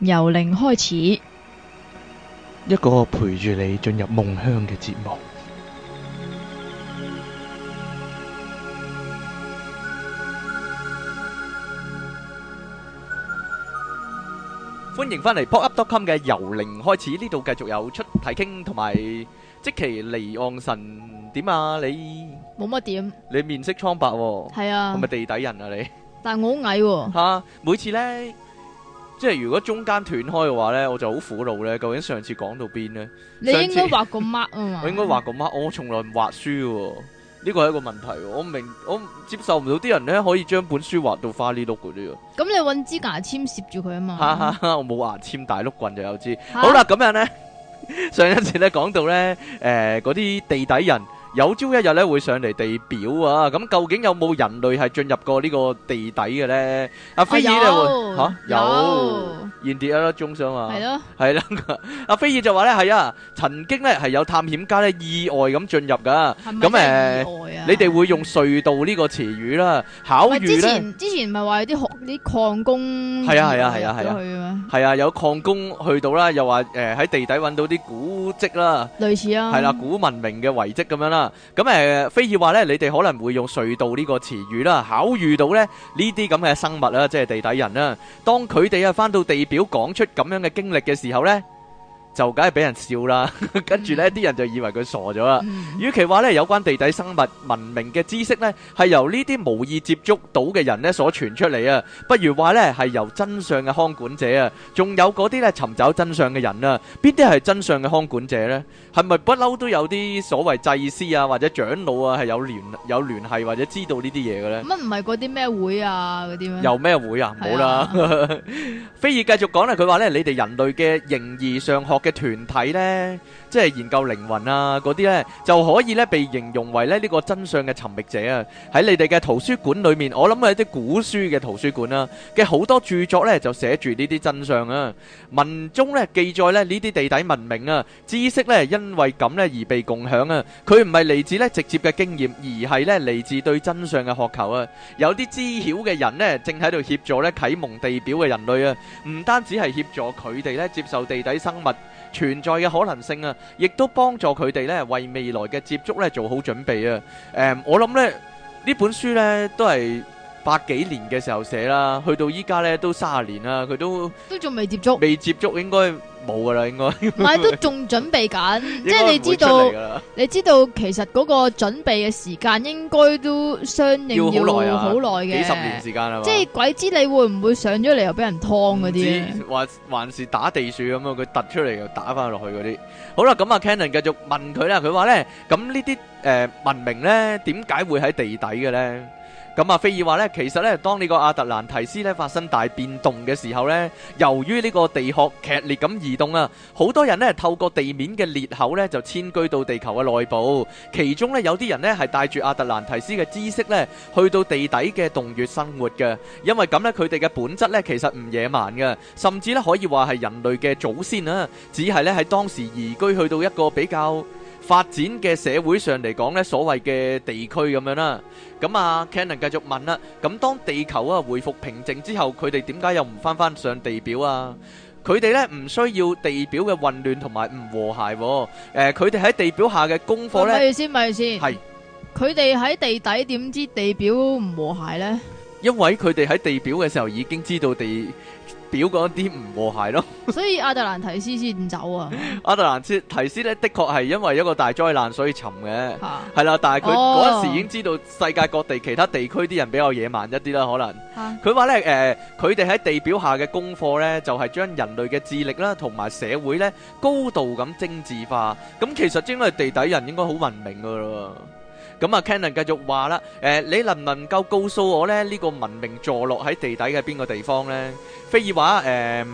由零開始，一個陪住你進入夢鄉嘅節目。歡迎翻嚟 pop up dot com 嘅由零開始，呢度繼續有出題傾同埋即期離岸神點啊！你冇乜點？你面色蒼白，係啊，係咪地底人啊你？但係我好矮吓，每次咧。即係如果中間斷開嘅話咧，我就好苦惱咧。究竟上次講到邊咧？你應該畫個 mark 啊 嘛。我應該畫個 mark，我從來唔畫書喎。呢個係一個問題。我明，我接受唔到啲人咧可以將本書畫到花呢碌嗰啲。咁你搵支牙籤攝住佢啊嘛。哈哈哈，我冇牙籤，大碌棍就有支。好啦，咁樣咧，上一次咧講到咧，誒，嗰啲地底人。有朝一日咧會上嚟地表啊！咁、嗯、究竟有冇人類係進入過呢個地底嘅咧？阿菲爾咧吓有，有現地一粒鐘上啊！係咯、啊，係啦、啊！阿菲爾就話咧係啊，曾經咧係有探險家咧意外咁進入噶。咁誒、嗯就是啊，你哋會用隧道個呢個詞語啦、考之前之前唔係話有啲學啲礦工係啊係啊係啊係啊，係啊，啊，啊，啊，啊，啊有礦工去到啦，又話誒喺地底揾到啲古迹啦，類似啊，係啦、啊、古文明嘅遺跡咁樣啦。咁、嗯、誒，菲爾話咧，你哋可能會用隧道呢個詞語啦，考慮到咧呢啲咁嘅生物啦，即係地底人啦。當佢哋啊翻到地表講出咁樣嘅經歷嘅時候咧。就梗係俾人笑啦，跟住呢啲人就以為佢傻咗啦。與其話呢有關地底生物文明嘅知識呢，係由呢啲無意接觸到嘅人呢所傳出嚟啊，不如話呢係由真相嘅看管者啊，仲有嗰啲呢尋找真相嘅人啦。邊啲係真相嘅看管者呢？係咪不嬲都有啲所謂祭司啊，或者長老啊，係有聯有聯繫或者知道呢啲嘢嘅呢？乜唔係嗰啲咩會啊？嗰啲咩？又咩會啊？冇啦。菲爾繼續講啦，佢話呢你哋人類嘅形而上學嘅。嘅團體呢，即係研究靈魂啊，嗰啲呢，就可以呢被形容為呢個真相嘅尋覓者啊。喺你哋嘅圖書館裏面，我諗係啲古書嘅圖書館啊，嘅好多著作呢就寫住呢啲真相啊。文中呢記載呢啲地底文明啊，知識呢因為咁呢而被共享啊。佢唔係嚟自呢直接嘅經驗，而係呢嚟自對真相嘅渴求啊。有啲知曉嘅人呢，正喺度協助呢啟蒙地表嘅人類啊。唔單止係協助佢哋呢接受地底生物存在嘅可能性啊，亦都幫助佢哋咧為未來嘅接觸咧做好準備啊！誒，um，我諗咧呢本書咧都係。百幾年嘅時候寫啦，去到依家咧都三十年啦，佢都都仲未接觸，未接觸應該冇噶啦，應該。唔係，都仲準備緊，即係你知道，你知道其實嗰個準備嘅時間應該都相應要好耐嘅，幾十年時間啦嘛？即係鬼知你會唔會上咗嚟又俾人劏嗰啲？話還是打地鼠咁樣？佢突出嚟又打翻落去嗰啲。好啦，咁啊，Cannon 繼續問佢啦。佢話咧：咁呢啲誒文明咧，點解會喺地底嘅咧？咁啊，菲爾話呢，其實呢，當呢個亞特蘭提斯呢發生大變動嘅時候呢，由於呢個地殼劇烈咁移動啊，好多人呢透過地面嘅裂口呢就遷居到地球嘅內部，其中呢，有啲人呢係帶住亞特蘭提斯嘅知識呢去到地底嘅洞穴生活嘅，因為咁呢，佢哋嘅本質呢其實唔野蠻嘅，甚至呢可以話係人類嘅祖先啊，只係呢喺當時移居去到一個比較。發展嘅社會上嚟講咧，所謂嘅地區咁樣啦。咁啊，Cannon 繼續問啦。咁當地球啊回復平靜之後，佢哋點解又唔返返上地表啊？佢哋咧唔需要地表嘅混亂同埋唔和諧。誒，佢哋喺地表下嘅功課咧。咪住先，咪住先。係。佢哋喺地底點知地表唔和諧咧？因為佢哋喺地表嘅時候已經知道地表嗰啲唔和諧咯，所以亞特蘭提斯先唔走啊。亞特蘭提斯呢，的確係因為一個大災難所以沉嘅，係啦，但係佢嗰時已經知道世界各地其他地區啲人比較野蠻一啲啦，可能。佢、啊、話呢，誒、呃，佢哋喺地表下嘅功課呢，就係、是、將人類嘅智力啦，同埋社會呢高度咁精緻化。咁其實真係地底人應該好文明噶啦。咁啊，Cannon 繼續話啦，誒，你能唔能夠告訴我咧呢個文明坐落喺地底嘅邊個地方咧？菲爾話誒，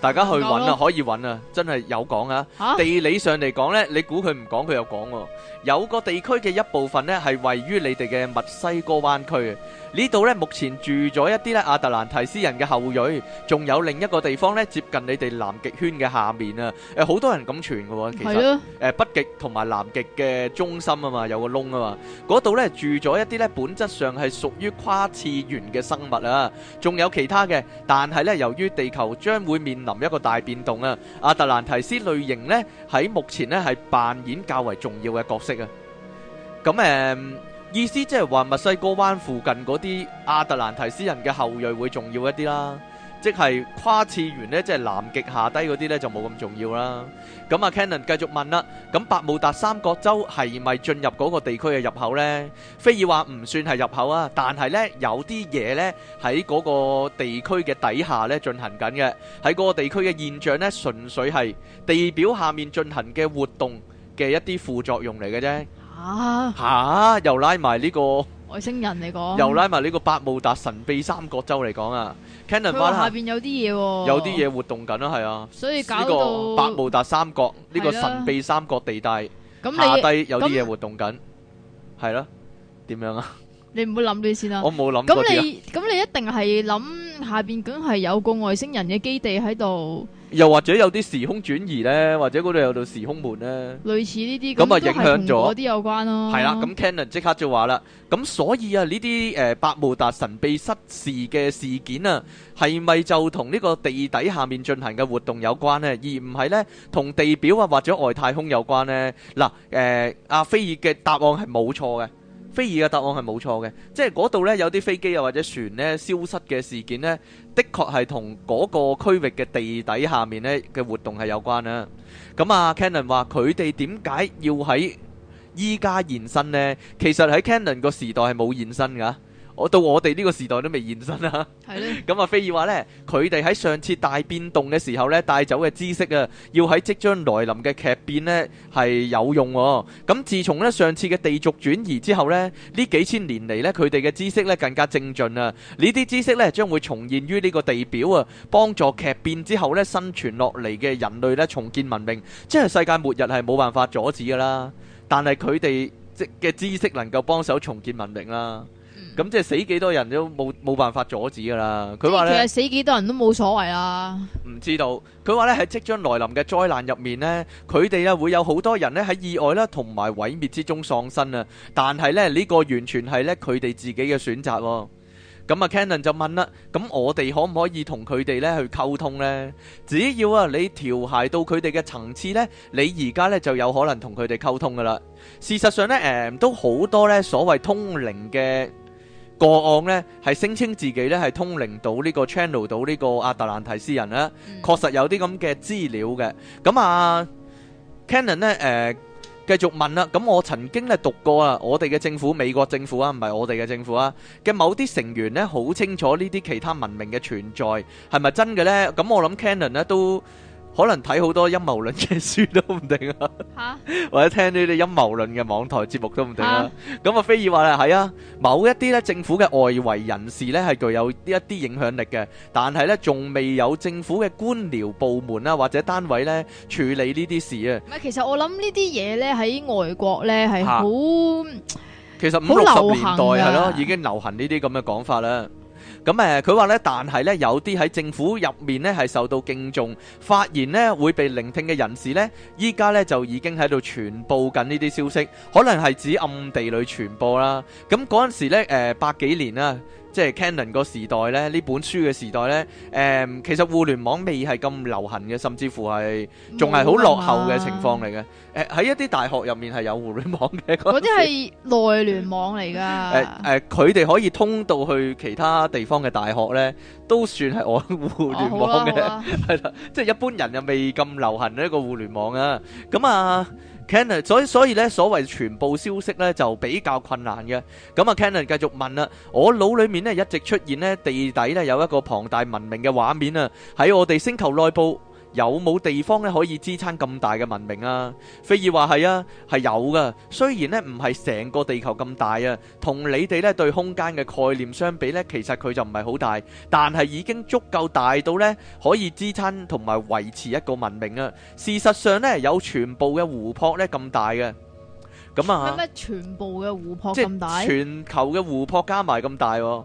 大家去揾啦，可以揾啦，真係有講啊！地理上嚟講咧，你估佢唔講佢又講喎，有個地區嘅一部分咧係位於你哋嘅墨西哥灣區。呢度咧目前住咗一啲咧阿特蘭提斯人嘅後裔，仲有另一個地方咧接近你哋南極圈嘅下面啊，誒好多人咁傳嘅喎，其實誒北極同埋南極嘅中心啊嘛，有個窿啊嘛，嗰度咧住咗一啲咧本質上係屬於跨次元嘅生物啊，仲有其他嘅，但係咧由於地球將會面臨一個大變動啊，阿特蘭提斯類型咧喺目前咧係扮演較為重要嘅角色啊，咁誒。意思即係話墨西哥灣附近嗰啲亞特蘭提斯人嘅後裔會重要一啲啦，即係跨次元咧，即係南極下低嗰啲呢就冇咁重要啦。咁阿 Cannon 繼續問啦，咁百慕達三角洲係咪進入嗰個地區嘅入口呢？菲爾話唔算係入口啊，但係呢，有啲嘢呢喺嗰個地區嘅底下呢進行緊嘅，喺嗰個地區嘅現象呢，純粹係地表下面進行嘅活動嘅一啲副作用嚟嘅啫。啊！嚇！又拉埋呢個外星人嚟講，又拉埋呢個百慕達神秘三角洲嚟講啊！佢話下邊有啲嘢喎，有啲嘢活動緊啦，係啊！所以搞到百慕達三角呢個神秘三角地帶，下低有啲嘢活動緊，係咯？點樣啊？你唔好諗住先啦。我冇諗過。咁你咁你一定係諗。下邊梗係有個外星人嘅基地喺度，又或者有啲時空轉移呢，或者嗰度有度時空門呢，類似呢啲咁啊，影響咗嗰啲有關咯。係啦，咁 Cannon 即刻就話啦，咁所以啊呢啲誒百慕達神秘失事嘅事件啊，係咪就同呢個地底下面進行嘅活動有關呢？而唔係呢同地表啊或者外太空有關呢？嗱，誒阿菲爾嘅答案係冇錯嘅。飛爾嘅答案係冇錯嘅，即係嗰度呢，有啲飛機又或者船呢消失嘅事件呢，的確係同嗰個區域嘅地底下面呢嘅活動係有關啦。咁啊，Cannon 話佢哋點解要喺依家現身呢？其實喺 Cannon 個時代係冇現身㗎。我到我哋呢個時代都未現身啊！係咁啊，菲爾話呢，佢哋喺上次大變動嘅時候呢，帶走嘅知識啊，要喺即將來臨嘅劇變呢係有用，哦。咁，嗯，自從呢上次嘅地軸轉移之後呢，呢幾千年嚟呢，佢哋嘅知識呢更加精進啊！呢啲知識呢，將會重現於呢個地表啊，幫助劇變之後呢，生存落嚟嘅人類呢重建文明。即係世界末日係冇辦法阻止噶啦，但係佢哋即嘅知識能夠幫手重建文明啦。咁即係死幾多人都冇冇辦法阻止㗎啦。佢話咧，其實死幾多人都冇所謂啦。唔知道佢話咧，喺即將來臨嘅災難入面咧，佢哋啊會有好多人咧喺意外啦同埋毀滅之中喪生啊。但係咧呢個完全係咧佢哋自己嘅選擇喎。咁啊，Cannon 就問啦，咁我哋可唔可以同佢哋咧去溝通咧？只要啊你調諧到佢哋嘅層次咧，你而家咧就有可能同佢哋溝通㗎啦。事實上咧，誒都好多咧所謂通靈嘅個案呢，係聲稱自己呢係通靈到呢個 channel 到呢個阿特蘭提斯人呢，確實有啲咁嘅資料嘅。咁啊 Canon 呢誒、呃、繼續問啦，啊。咁我曾經咧讀過啊，我哋嘅政府美國政府啊，唔係我哋嘅政府啊嘅某啲成員呢，好清楚呢啲其他文明嘅存在係咪真嘅呢？咁我諗 Canon 呢都。可能睇好多陰謀論嘅書都唔定啊，或者聽呢啲陰謀論嘅網台節目都唔定啦。咁啊，菲爾話咧係啊，某一啲咧政府嘅外圍人士咧係具有呢一啲影響力嘅，但係咧仲未有政府嘅官僚部門啦或者單位咧處理呢啲事啊。唔係，其實我諗呢啲嘢咧喺外國咧係好，其實五六十年代係咯，已經流行呢啲咁嘅講法啦。咁、嗯、誒，佢話咧，但係咧，有啲喺政府入面咧係受到敬重、發言呢會被聆聽嘅人士呢，依家咧就已經喺度傳播緊呢啲消息，可能係指暗地裏傳播啦。咁嗰陣時咧，誒、呃、百幾年啦。即係 Canon 個時代咧，呢本書嘅時代咧，誒、嗯，其實互聯網未係咁流行嘅，甚至乎係仲係好落後嘅情況嚟嘅。誒、啊，喺、呃、一啲大學入面係有互聯網嘅。嗰啲係內聯網嚟㗎、啊。誒、呃、誒，佢、呃、哋可以通到去其他地方嘅大學咧，都算係我互聯網嘅。係、啊、啦，即係一般人又未咁流行呢一個互聯網啊。咁啊～Canon，所以所以咧，所謂全部消息咧就比較困難嘅。咁啊，Canon 繼續問啦，我腦裡面咧一直出現咧地底咧有一個龐大文明嘅畫面啊，喺我哋星球內部。有冇地方咧可以支撐咁大嘅文明啊？菲爾話係啊，係有噶。雖然咧唔係成個地球咁大啊，同你哋咧對空間嘅概念相比咧，其實佢就唔係好大，但係已經足夠大到咧可以支撐同埋維持一個文明啊。事實上咧，有全部嘅湖泊咧咁大嘅，咁啊吓。咩咩全部嘅湖泊咁大？全球嘅湖泊加埋咁大喎，啊。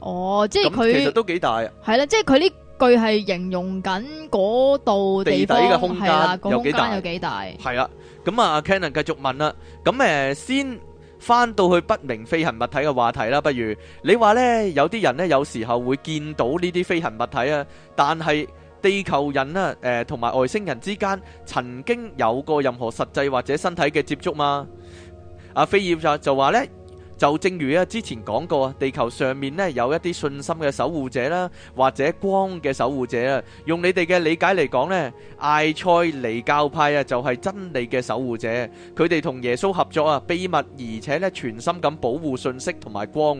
哦，即係佢其實都幾大。啊。係啦，即係佢呢？句係形容緊嗰度地底嘅空間有幾大？有幾大？係啊，咁啊，Ken 繼續問啦。咁誒，先翻到去不明飛行物體嘅話題啦。不如你話咧，有啲人咧，有時候會見到呢啲飛行物體啊，但係地球人啊，誒，同埋外星人之間曾經有過任何實際或者身體嘅接觸嗎？阿菲爾就就話咧。就正如，之前講過，地球上面有一些信心的守護者，或者光的守護者，用你們的理解來說，艾塞尼教派就是真理的守護者，他們和耶穌合作，秘密而且全心地保護信息和光，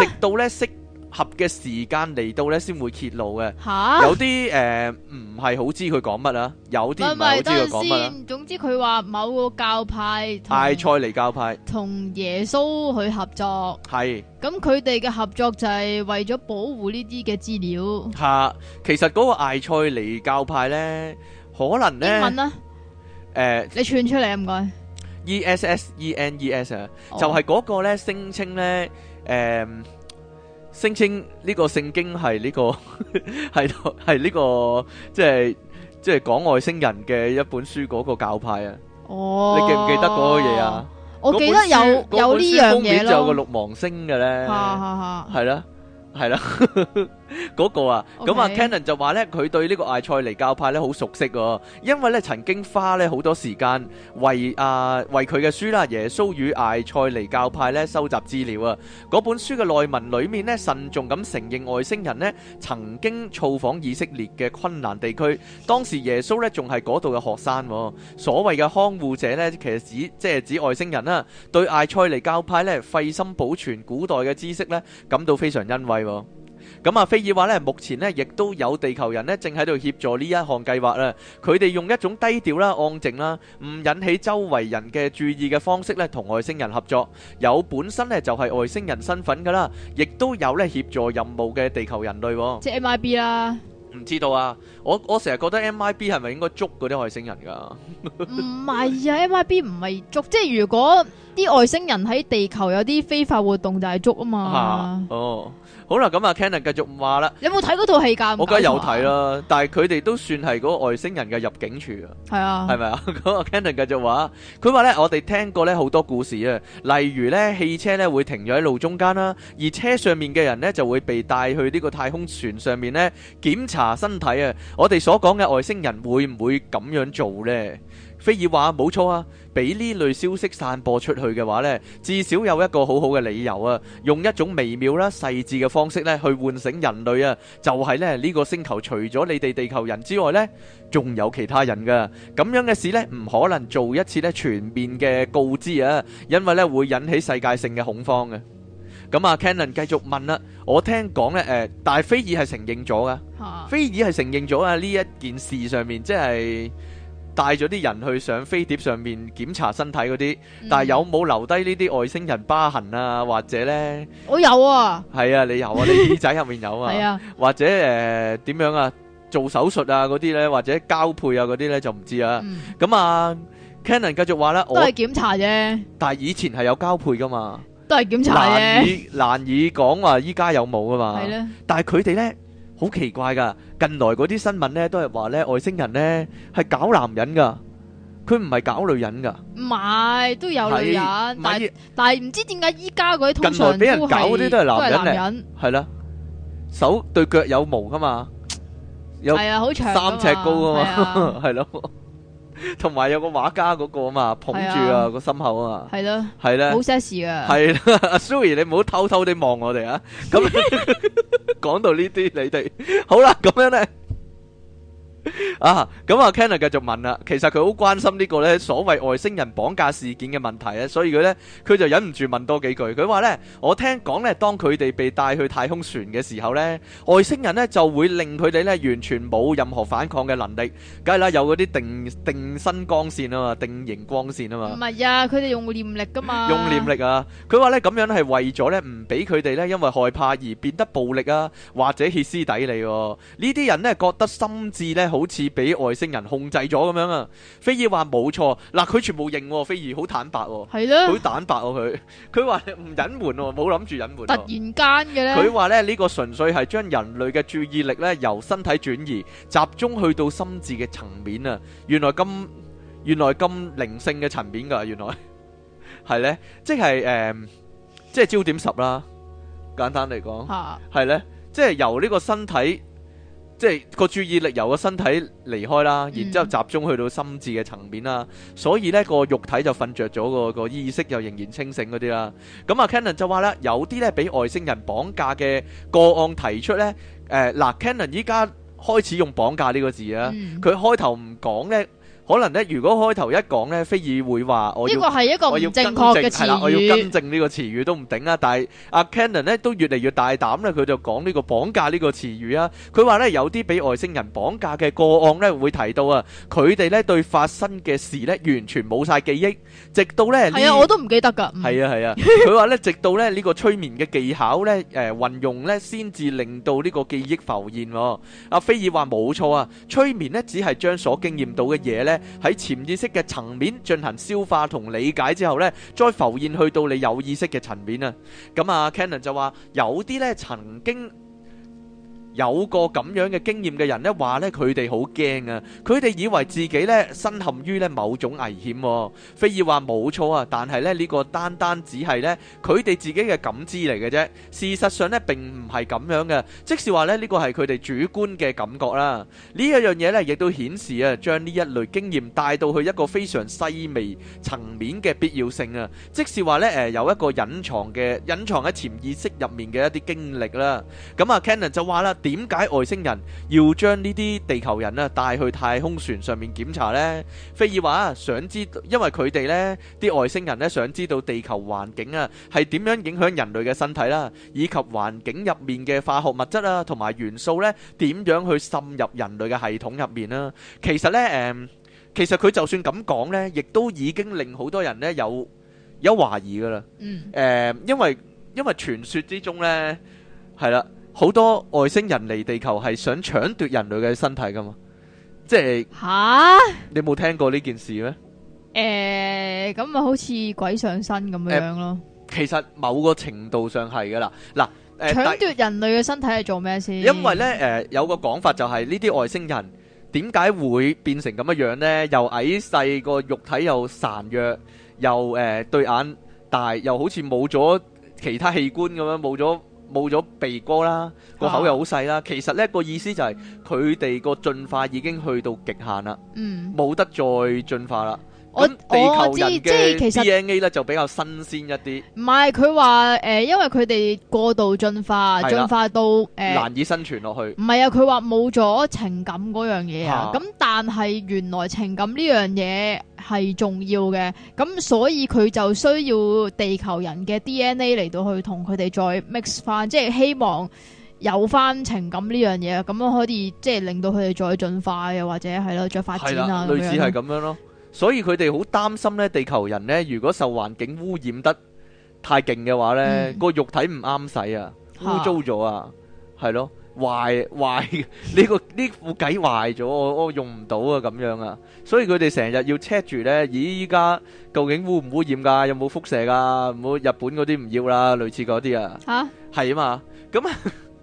直到識合嘅時間嚟到咧，先會揭露嘅。吓，有啲誒唔係好知佢講乜啊，有啲唔係好知佢講乜啦。總之佢話某個教派，艾塞尼教派，同耶穌去合作。係，咁佢哋嘅合作就係為咗保護呢啲嘅資料。吓，其實嗰個艾塞尼教派咧，可能咧，問啦，誒，你串出嚟啊唔該。E S S E N E S 啊，就係嗰個咧聲稱咧，誒。聲稱呢個聖經係呢個係係呢個即係即係講外星人嘅一本書嗰個教派啊？哦，你記唔記得嗰個嘢啊？我記得有有呢樣嘢，封面就有個六芒星嘅咧，係啦。是係啦，嗰個啊，咁啊，Cannon 就話咧，佢對呢個艾塞尼教派咧好熟悉，因為咧曾經花咧好多時間為啊為佢嘅書啦，耶穌與艾塞尼教派咧收集資料啊。嗰本書嘅內文裏面咧，慎重咁承認外星人咧曾經造訪以色列嘅昆蘭地區，當時耶穌咧仲係嗰度嘅學生。所謂嘅看護者咧，其實指即係、就是、指外星人啦，對艾塞尼教派咧費心保存古代嘅知識咧感到非常欣慰。咁啊，菲爾話咧，目前咧亦都有地球人咧，正喺度協助呢一項計劃啦。佢哋用一種低調啦、安靜啦，唔引起周圍人嘅注意嘅方式咧，同外星人合作。有本身咧就係外星人身份噶啦，亦都有咧協助任務嘅地球人類。即係 MIB 啦，唔知道啊。我我成日覺得 MIB 係咪應該捉嗰啲外星人噶？唔係啊，MIB 唔係捉，即係如果啲外星人喺地球有啲非法活動就係捉啊嘛。哦。好啦，咁啊，Cannon 繼續話啦。你有冇睇嗰套戲㗎？我梗係有睇啦， 但係佢哋都算係嗰個外星人嘅入境處啊。係啊，係咪啊？咁啊，Cannon 繼續話，佢話咧，我哋聽過咧好多故事啊，例如咧汽車咧會停咗喺路中間啦，而車上面嘅人咧就會被帶去呢個太空船上面咧檢查身體啊。我哋所講嘅外星人會唔會咁樣做咧？菲爾話冇錯啊。俾呢類消息散播出去嘅話咧，至少有一個好好嘅理由啊！用一種微妙啦、細緻嘅方式咧，去喚醒人類啊，就係咧呢個星球除咗你哋地球人之外咧，仲有其他人噶。咁樣嘅事咧，唔可能做一次咧全面嘅告知啊，因為咧會引起世界性嘅恐慌嘅。咁啊，Cannon 繼續問啦，我聽講咧誒，但係菲爾係承認咗啊，菲爾係承認咗啊呢一件事上面，即係。帶咗啲人去上飛碟上面檢查身體嗰啲，但係有冇留低呢啲外星人疤痕啊？或者咧，我有啊，係啊，你有啊，你耳仔入面有啊，或者誒點樣啊，做手術啊嗰啲咧，或者交配啊嗰啲咧就唔知啊。咁啊，Cannon 繼續話咧，都係檢查啫。但係以前係有交配噶嘛，都係檢查啫，難以難以講話依家有冇噶嘛。係咧，但係佢哋咧。好奇怪噶，近來嗰啲新聞咧都係話咧，外星人咧係搞男人噶，佢唔係搞女人噶。唔係都有女人，但係但係唔知點解依家嗰啲通常都係俾人搞嗰啲都係男人嚟，係啦，手對腳有毛噶嘛，有係啊，好長啊，三尺高啊嘛，係咯。同埋有個畫家嗰個啊嘛，捧住啊個心、啊、口啊嘛，係咯、啊，係咧、啊啊啊啊， 好 size 係啦阿 Sue 你唔好偷偷地望我哋啊，咁講到呢啲你哋好啦，咁樣咧。啊，咁啊，Cannon 繼續問啦。其實佢好關心呢個咧所謂外星人綁架事件嘅問題啊，所以佢咧佢就忍唔住問多幾句。佢話咧，我聽講咧，當佢哋被帶去太空船嘅時候咧，外星人咧就會令佢哋咧完全冇任何反抗嘅能力。梗係啦，有嗰啲定定身光線啊嘛，定型光線啊嘛。唔係啊，佢哋用念力噶嘛。用念力啊！佢話咧咁樣係為咗咧唔俾佢哋咧因為害怕而變得暴力啊，或者歇斯底里。呢啲人咧覺得心智咧。好似俾外星人控制咗咁樣啊！菲兒話冇錯，嗱，佢全部認，菲兒好坦白，係咯，好坦白佢。佢話唔隱瞞，冇諗住隱瞞。突然間嘅咧，佢話咧，呢個純粹係將人類嘅注意力咧由身體轉移，集中去到心智嘅層面啊！原來咁，原來咁靈性嘅層面噶，原來係咧，即係誒，即係焦點十啦，簡單嚟講，係咧，即係由呢個身體。即係個注意力由個身體離開啦，然之後集中去到心智嘅層面啦，所以咧個肉體就瞓着咗，個意識又仍然清醒嗰啲啦。咁啊，Cannon 就話咧，有啲咧俾外星人綁架嘅個案提出咧，誒嗱，Cannon 依家開始用綁架呢個字啊，佢、嗯、開頭唔講咧。可能咧，如果開頭一講咧，菲爾會話：我呢個係一個唔正確嘅詞啦，我要更正呢個詞語都唔頂啊！但係阿 Cannon 咧都越嚟越大膽咧，佢就講呢個綁架呢個詞語啊！佢話咧有啲俾外星人綁架嘅個案咧，會提到啊，佢哋咧對發生嘅事咧完全冇晒記憶，直到咧係啊，我都唔記得㗎。係啊係啊，佢話咧直到咧呢、呢個催眠嘅技巧咧誒、呃、運用咧先至令到呢個記憶浮現、啊。阿菲爾話冇錯啊，催眠咧只係將所經驗到嘅嘢咧。喺潛意識嘅層面進行消化同理解之後呢，再浮現去到你有意識嘅層面啊！咁啊，Cannon 就話有啲呢曾經，有個咁樣嘅經驗嘅人咧，話咧佢哋好驚啊！佢哋以為自己咧身陷於咧某種危險。菲爾話冇錯啊，但係咧呢個單單只係咧佢哋自己嘅感知嚟嘅啫。事實上咧並唔係咁樣嘅，即是話咧呢個係佢哋主觀嘅感覺啦。呢一樣嘢咧亦都顯示啊，將呢一類經驗帶到去一個非常細微層面嘅必要性啊。即是話咧誒有一個隱藏嘅隱藏喺潛意識入面嘅一啲經歷啦。咁啊，Cannon 就話啦。點解外星人要將呢啲地球人啦帶去太空船上面檢查呢？菲爾話想知，因為佢哋呢啲外星人呢想知道地球環境啊係點樣影響人類嘅身體啦，以及環境入面嘅化學物質啊同埋元素呢點樣去滲入人類嘅系統入面啦。其實呢，誒，其實佢就算咁講呢，亦都已經令好多人呢有有懷疑噶啦。嗯，誒，因為因為傳說之中呢係啦。好多外星人嚟地球係想搶奪人類嘅身體噶嘛，即係吓，你冇聽過呢件事咩？誒，咁咪好似鬼上身咁樣咯。其實某個程度上係噶啦，嗱，搶奪人類嘅身體係做咩先？因為咧，誒，有個講法就係呢啲外星人點解會變成咁樣樣咧？又矮細個肉體又孱弱，又誒對眼大，又好似冇咗其他器官咁樣冇咗。冇咗鼻哥啦，個口又好細啦。其實咧個意思就係佢哋個進化已經去到極限啦，嗯、冇得再進化啦。我我知即係其實 DNA 咧就比較新鮮一啲。唔係佢話誒，因為佢哋過度進化，進化到誒、呃、難以生存落去。唔係啊，佢話冇咗情感嗰樣嘢啊。咁但係原來情感呢樣嘢係重要嘅。咁所以佢就需要地球人嘅 DNA 嚟到去同佢哋再 mix 翻，即係希望有翻情感呢樣嘢啊。咁樣可以即係令到佢哋再進化，又或者係咯再發展啊。類似係咁樣咯。所以佢哋好擔心咧，地球人咧，如果受環境污染得太勁嘅話咧，個肉體唔啱使啊，污糟咗啊，係咯，壞壞呢個呢副計壞咗，我我用唔到啊，咁樣啊，所以佢哋成日要 check 住咧，咦，依家究竟污唔污染噶？有冇輻射噶，唔好日本嗰啲唔要啦，類似嗰啲啊，吓係啊嘛，咁啊。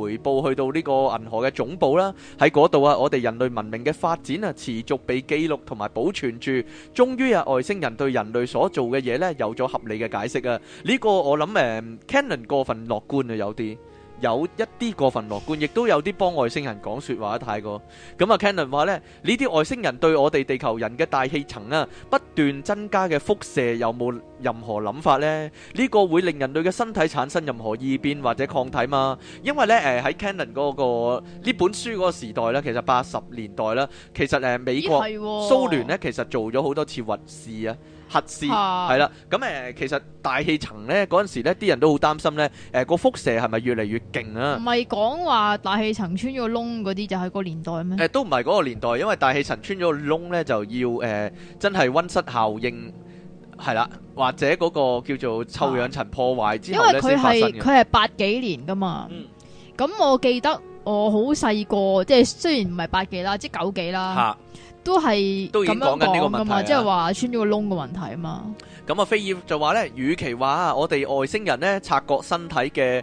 回報去到呢個銀河嘅總部啦，喺嗰度啊，我哋人類文明嘅發展啊，持續被記錄同埋保存住。終於啊，外星人對人類所做嘅嘢呢，有咗合理嘅解釋啊。呢個我諗誒，Cannon 過分樂觀啊，有啲。有一啲過分樂觀，亦都有啲幫外星人講說話太過。咁啊 Cannon 話呢呢啲外星人對我哋地球人嘅大氣層啊不斷增加嘅輻射有冇任何諗法呢？呢、呢個會令人類嘅身體產生任何異變或者抗體嘛？因為呢，喺 Cannon 嗰個呢、呢個、本書嗰個時代呢其實八十年代啦，其實美國蘇聯呢，其實做咗好多次核試啊。核試係啦，咁、啊、誒其實大氣層咧嗰陣時咧，啲人都好擔心咧，誒、呃嗰個輻射係咪越嚟越勁啊？唔係講話大氣層穿咗窿嗰啲就係個年代咩？誒、呃、都唔係嗰個年代，因為大氣層穿咗窿咧就要誒、呃、真係温室效應係啦，或者嗰個叫做臭氧層破壞之後、啊。因為佢係佢係八幾年㗎嘛，咁、嗯、我記得我好細個，即係雖然唔係八幾啦，即係九幾啦。啊都係咁樣講緊呢個問題，就是、嘛，即係話穿咗個窿嘅問題啊嘛。咁啊，菲爾就話咧，與其話我哋外星人咧察覺身體嘅。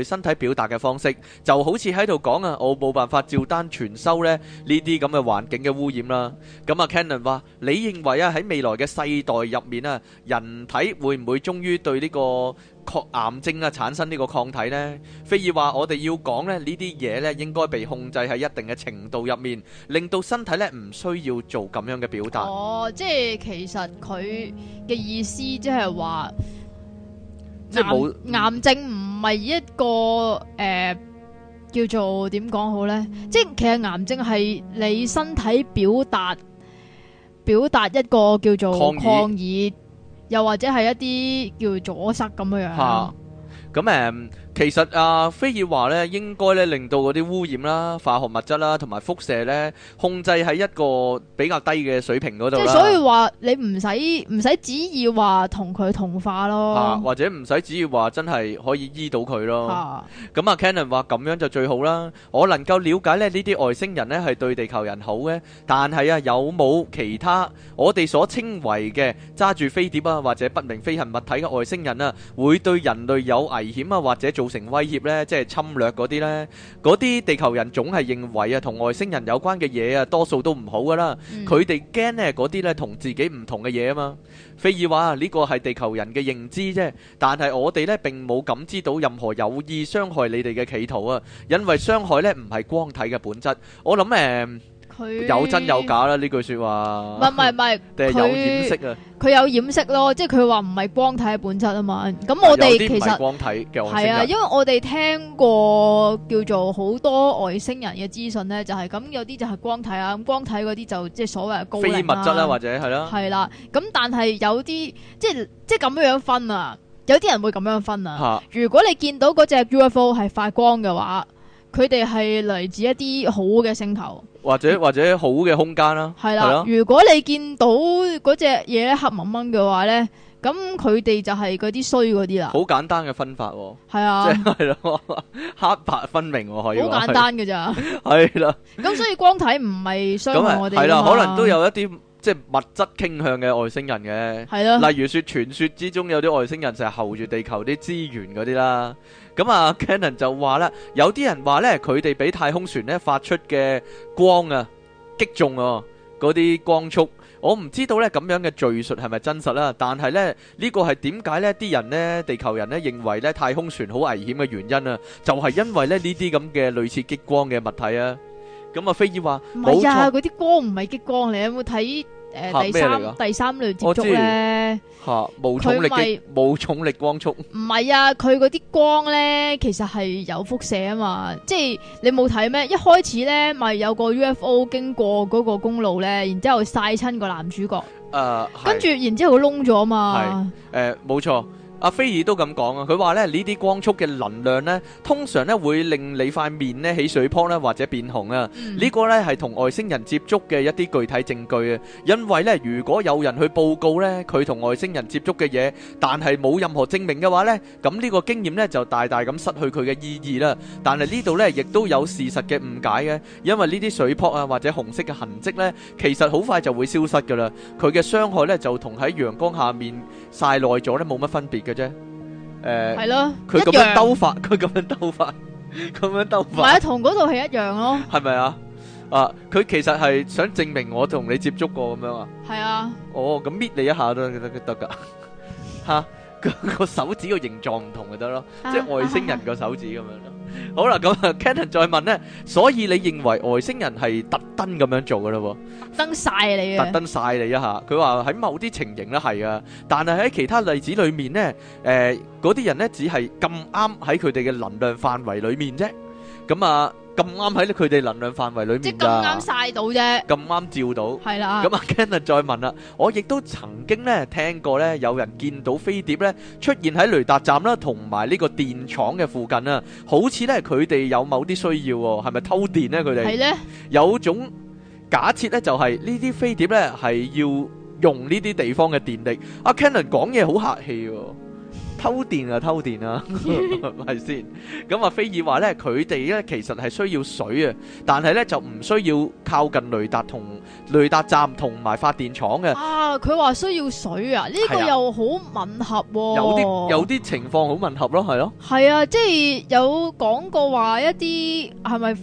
身體表達嘅方式，就好似喺度講啊，我冇辦法照單全收呢呢啲咁嘅環境嘅污染啦。咁啊，Cannon 話，你認為啊喺未來嘅世代入面啊，人體會唔會終於對呢個抗癌症啊產生呢個抗體呢？菲爾話，我哋要講呢呢啲嘢呢，應該被控制喺一定嘅程度入面，令到身體呢唔需要做咁樣嘅表達。哦，即係其實佢嘅意思即係話。癌即癌症唔係一個誒、呃，叫做點講好咧？即、就、係、是、其實癌症係你身體表達，表達一個叫做抗議，抗議又或者係一啲叫阻塞咁樣樣、啊。吓，咁誒。其實啊，飛爾話咧，應該咧令到嗰啲污染啦、化學物質啦同埋輻射咧，控制喺一個比較低嘅水平嗰度啦。即係所以話，你唔使唔使旨意話同佢同化咯，或者唔使旨意話真係可以醫到佢咯。咁啊，Cannon 話咁樣就最好啦。我能夠瞭解咧呢啲外星人咧係對地球人好嘅，但係啊有冇其他我哋所稱為嘅揸住飛碟啊或者不明飛行物體嘅外星人啊，會對人類有危險啊或者？造成威脅咧，即係侵略嗰啲咧，嗰啲地球人總係認為啊，同外星人有關嘅嘢啊，多數都唔好噶啦。佢哋驚咧嗰啲咧同自己唔同嘅嘢啊嘛。菲爾話呢個係地球人嘅認知啫，但係我哋咧並冇感知到任何有意傷害你哋嘅企圖啊，因為傷害咧唔係光體嘅本質。我諗誒。有真有假啦！呢句說話，唔係唔係定係掩飾啊？佢有掩飾咯，即係佢話唔係光體嘅本質啊嘛。咁我哋其實係啊，因為我哋聽過叫做好多外星人嘅資訊咧，就係、是、咁有啲就係光體啊。咁光體嗰啲就即係所謂嘅高能啦、啊啊，或者係啦、啊，係啦、啊。咁但係有啲即係即係咁樣樣分啊，有啲人會咁樣分啊。如果你見到嗰隻 UFO 係發光嘅話，佢哋係嚟自一啲好嘅星球。或者或者好嘅空間啦、啊，係啦、啊啊。如果你見到嗰隻嘢黑蒙蒙嘅話呢，咁佢哋就係嗰啲衰嗰啲啊。好簡單嘅分法，係啊，即、就、咯、是啊，黑白分明、啊、可以。好簡單嘅咋，係啦、啊。咁、 啊、所以光睇唔係相關、啊，係啦、啊，可能都有一啲即係物質傾向嘅外星人嘅、啊，例如説傳説之中有啲外星人就係候住地球啲資源嗰啲啦。咁啊，Cannon 就話啦，有啲人話咧，佢哋俾太空船咧發出嘅光啊擊中啊，嗰啲光速，我唔知道咧咁樣嘅敘述係咪真實啦，但係咧呢個係點解咧啲人咧地球人咧認為咧太空船好危險嘅原因啊，就係因為咧呢啲咁嘅類似激光嘅物體啊。咁啊，菲爾話唔係啊，嗰啲光唔係激光，你有冇睇？誒、呃，第三第三類接觸咧吓，冇重力，冇重力光速唔係啊，佢嗰啲光咧其實係有輻射啊嘛，即係你冇睇咩？一開始咧咪有個 UFO 經過嗰個公路咧，然之後曬親個男主角，誒、呃，跟住然之後佢窿咗啊嘛，誒，冇、呃、錯。沒阿菲爾都咁講啊，佢話咧呢啲光速嘅能量咧，通常咧會令你塊面咧起水泡咧或者變紅啊！呢個咧係同外星人接觸嘅一啲具體證據啊。因為咧，如果有人去報告咧佢同外星人接觸嘅嘢，但係冇任何證明嘅話咧，咁呢個經驗咧就大大咁失去佢嘅意義啦。但係呢度咧亦都有事實嘅誤解嘅，因為呢啲水泡啊或者紅色嘅痕跡咧，其實好快就會消失㗎啦。佢嘅傷害咧就同喺陽光下面曬耐咗咧冇乜分別嘅。啫，誒，係咯，佢咁樣兜法，佢咁樣兜法，咁樣兜法，唔係啊，同嗰度係一樣咯，係咪啊？啊，佢其實係想證明我同你接觸過咁樣啊？係啊，哦，咁搣你一下都得得㗎，吓。個 手指個形狀唔同就得咯，啊，即係外星人個手指咁樣咯。啊啊、 好啦，咁啊 Cannon 再問咧，所以你認為外星人係特登咁樣做嘅嘞喎？特登晒你啊！特登晒你一下。佢話喺某啲情形咧係啊，但係喺其他例子裏面咧，誒嗰啲人咧只係咁啱喺佢哋嘅能量範圍裡面啫。咁啊～咁啱喺咧佢哋能量範圍裏面啫，即係咁啱曬到啫，咁啱照到，係啦。咁阿 Cannon 再問啦，我亦都曾經咧聽過咧，有人見到飛碟咧出現喺雷達站啦，同埋呢個電廠嘅附近啊，好似咧佢哋有某啲需要喎，係咪偷電咧佢哋？係咧，有種假設咧，就係呢啲飛碟咧係要用呢啲地方嘅電力。阿 Cannon 講嘢好客氣喎。偷電啊，偷電啊，係咪先？咁啊，菲爾話呢佢哋呢其實係需、需、啊、需要水啊，但係呢就唔需要靠近雷達同雷達站同埋發電廠嘅。啊，佢話需要水啊，呢個又好吻合。有啲有啲情況好吻合咯，係咯。係啊，即係、啊啊就是、有講過話一啲係咪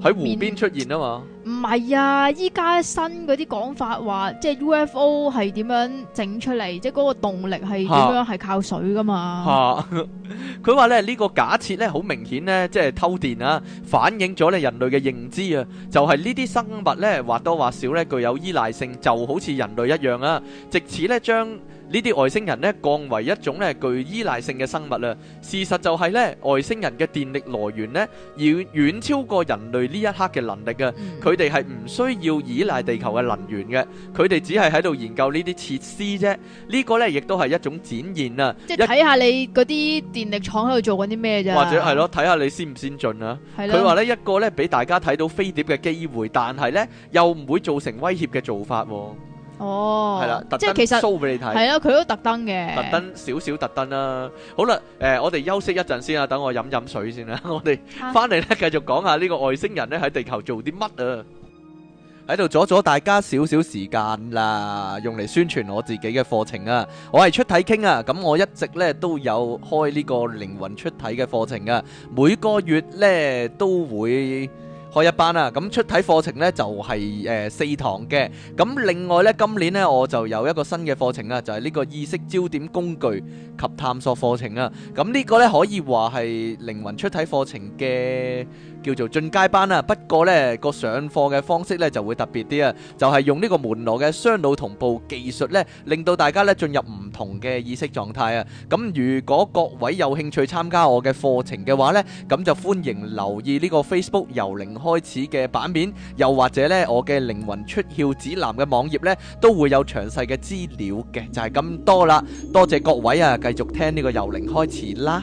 喺湖邊出現啊嘛？唔係啊！依家新嗰啲講法話，即係 UFO 係點樣整出嚟？即係嗰個動力係點樣？係靠水噶嘛？佢話咧呢、呢個假設呢好明顯呢，即係偷電啊，反映咗咧人類嘅認知啊！就係呢啲生物呢，或多或少呢具有依賴性，就好似人類一樣啊！直此呢將。呢啲外星人咧，降為一種咧，具依賴性嘅生物啦。事實就係咧，外星人嘅電力來源咧要遠超過人類呢一刻嘅能力啊。佢哋係唔需要依賴地球嘅能源嘅，佢哋只係喺度研究呢啲設施啫。呢個咧亦都係一種展現啊，即係睇下你嗰啲電力廠喺度做緊啲咩啫。或者係咯，睇下你先唔先進呀。佢話咧一個咧，俾大家睇到飛碟嘅機會，但係咧又唔會造成威脅嘅做法。哦，係啦，即係其實 show 俾你睇，係咯，佢都特登嘅，特登少少特登啦。好啦，誒，我哋休息一陣先啊，等我飲飲水先啦。我哋翻嚟咧，繼續講下呢個外星人咧喺地球做啲乜啊？喺度阻咗大家少少時間啦，用嚟宣傳我自己嘅課程啊。我係出體傾啊，咁我一直咧都有開呢個靈魂出體嘅課程啊，每個月咧都會。開一班啦，咁出體課程呢就係、是、誒、呃、四堂嘅，咁另外呢，今年呢我就有一個新嘅課程啦，就係、是、呢個意識焦點工具及探索課程啊，咁呢個呢可以話係靈魂出體課程嘅。叫做進階班啊，不過呢個上課嘅方式呢就會特別啲啊，就係用呢個門羅嘅雙腦同步技術呢，令到大家呢進入唔同嘅意識狀態啊。咁如果各位有興趣參加我嘅課程嘅話呢，咁就歡迎留意呢個 Facebook 由零開始嘅版面，又或者呢我嘅靈魂出竅指南嘅網頁呢都會有詳細嘅資料嘅，就係咁多啦。多謝各位啊，繼續聽呢個由零開始啦。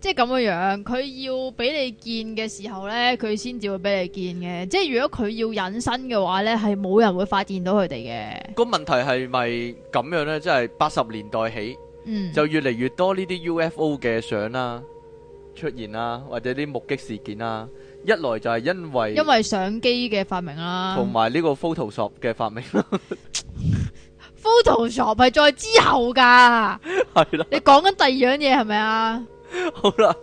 即係咁嘅樣，佢要俾你見嘅時候呢，佢先至會俾你見嘅。即係如果佢要隱身嘅話呢，係冇人會發現到佢哋嘅。個問題係咪咁樣呢？即係八十年代起，嗯、就越嚟越多呢啲 UFO 嘅相啦，出現啦、啊，或者啲目擊事件啦、啊。一來就係因為因為相機嘅發明啦、啊，同埋呢個 Photoshop 嘅發明啦。 Photoshop 係再之後噶，係啦， 你講緊第二樣嘢係咪啊？ 好啦，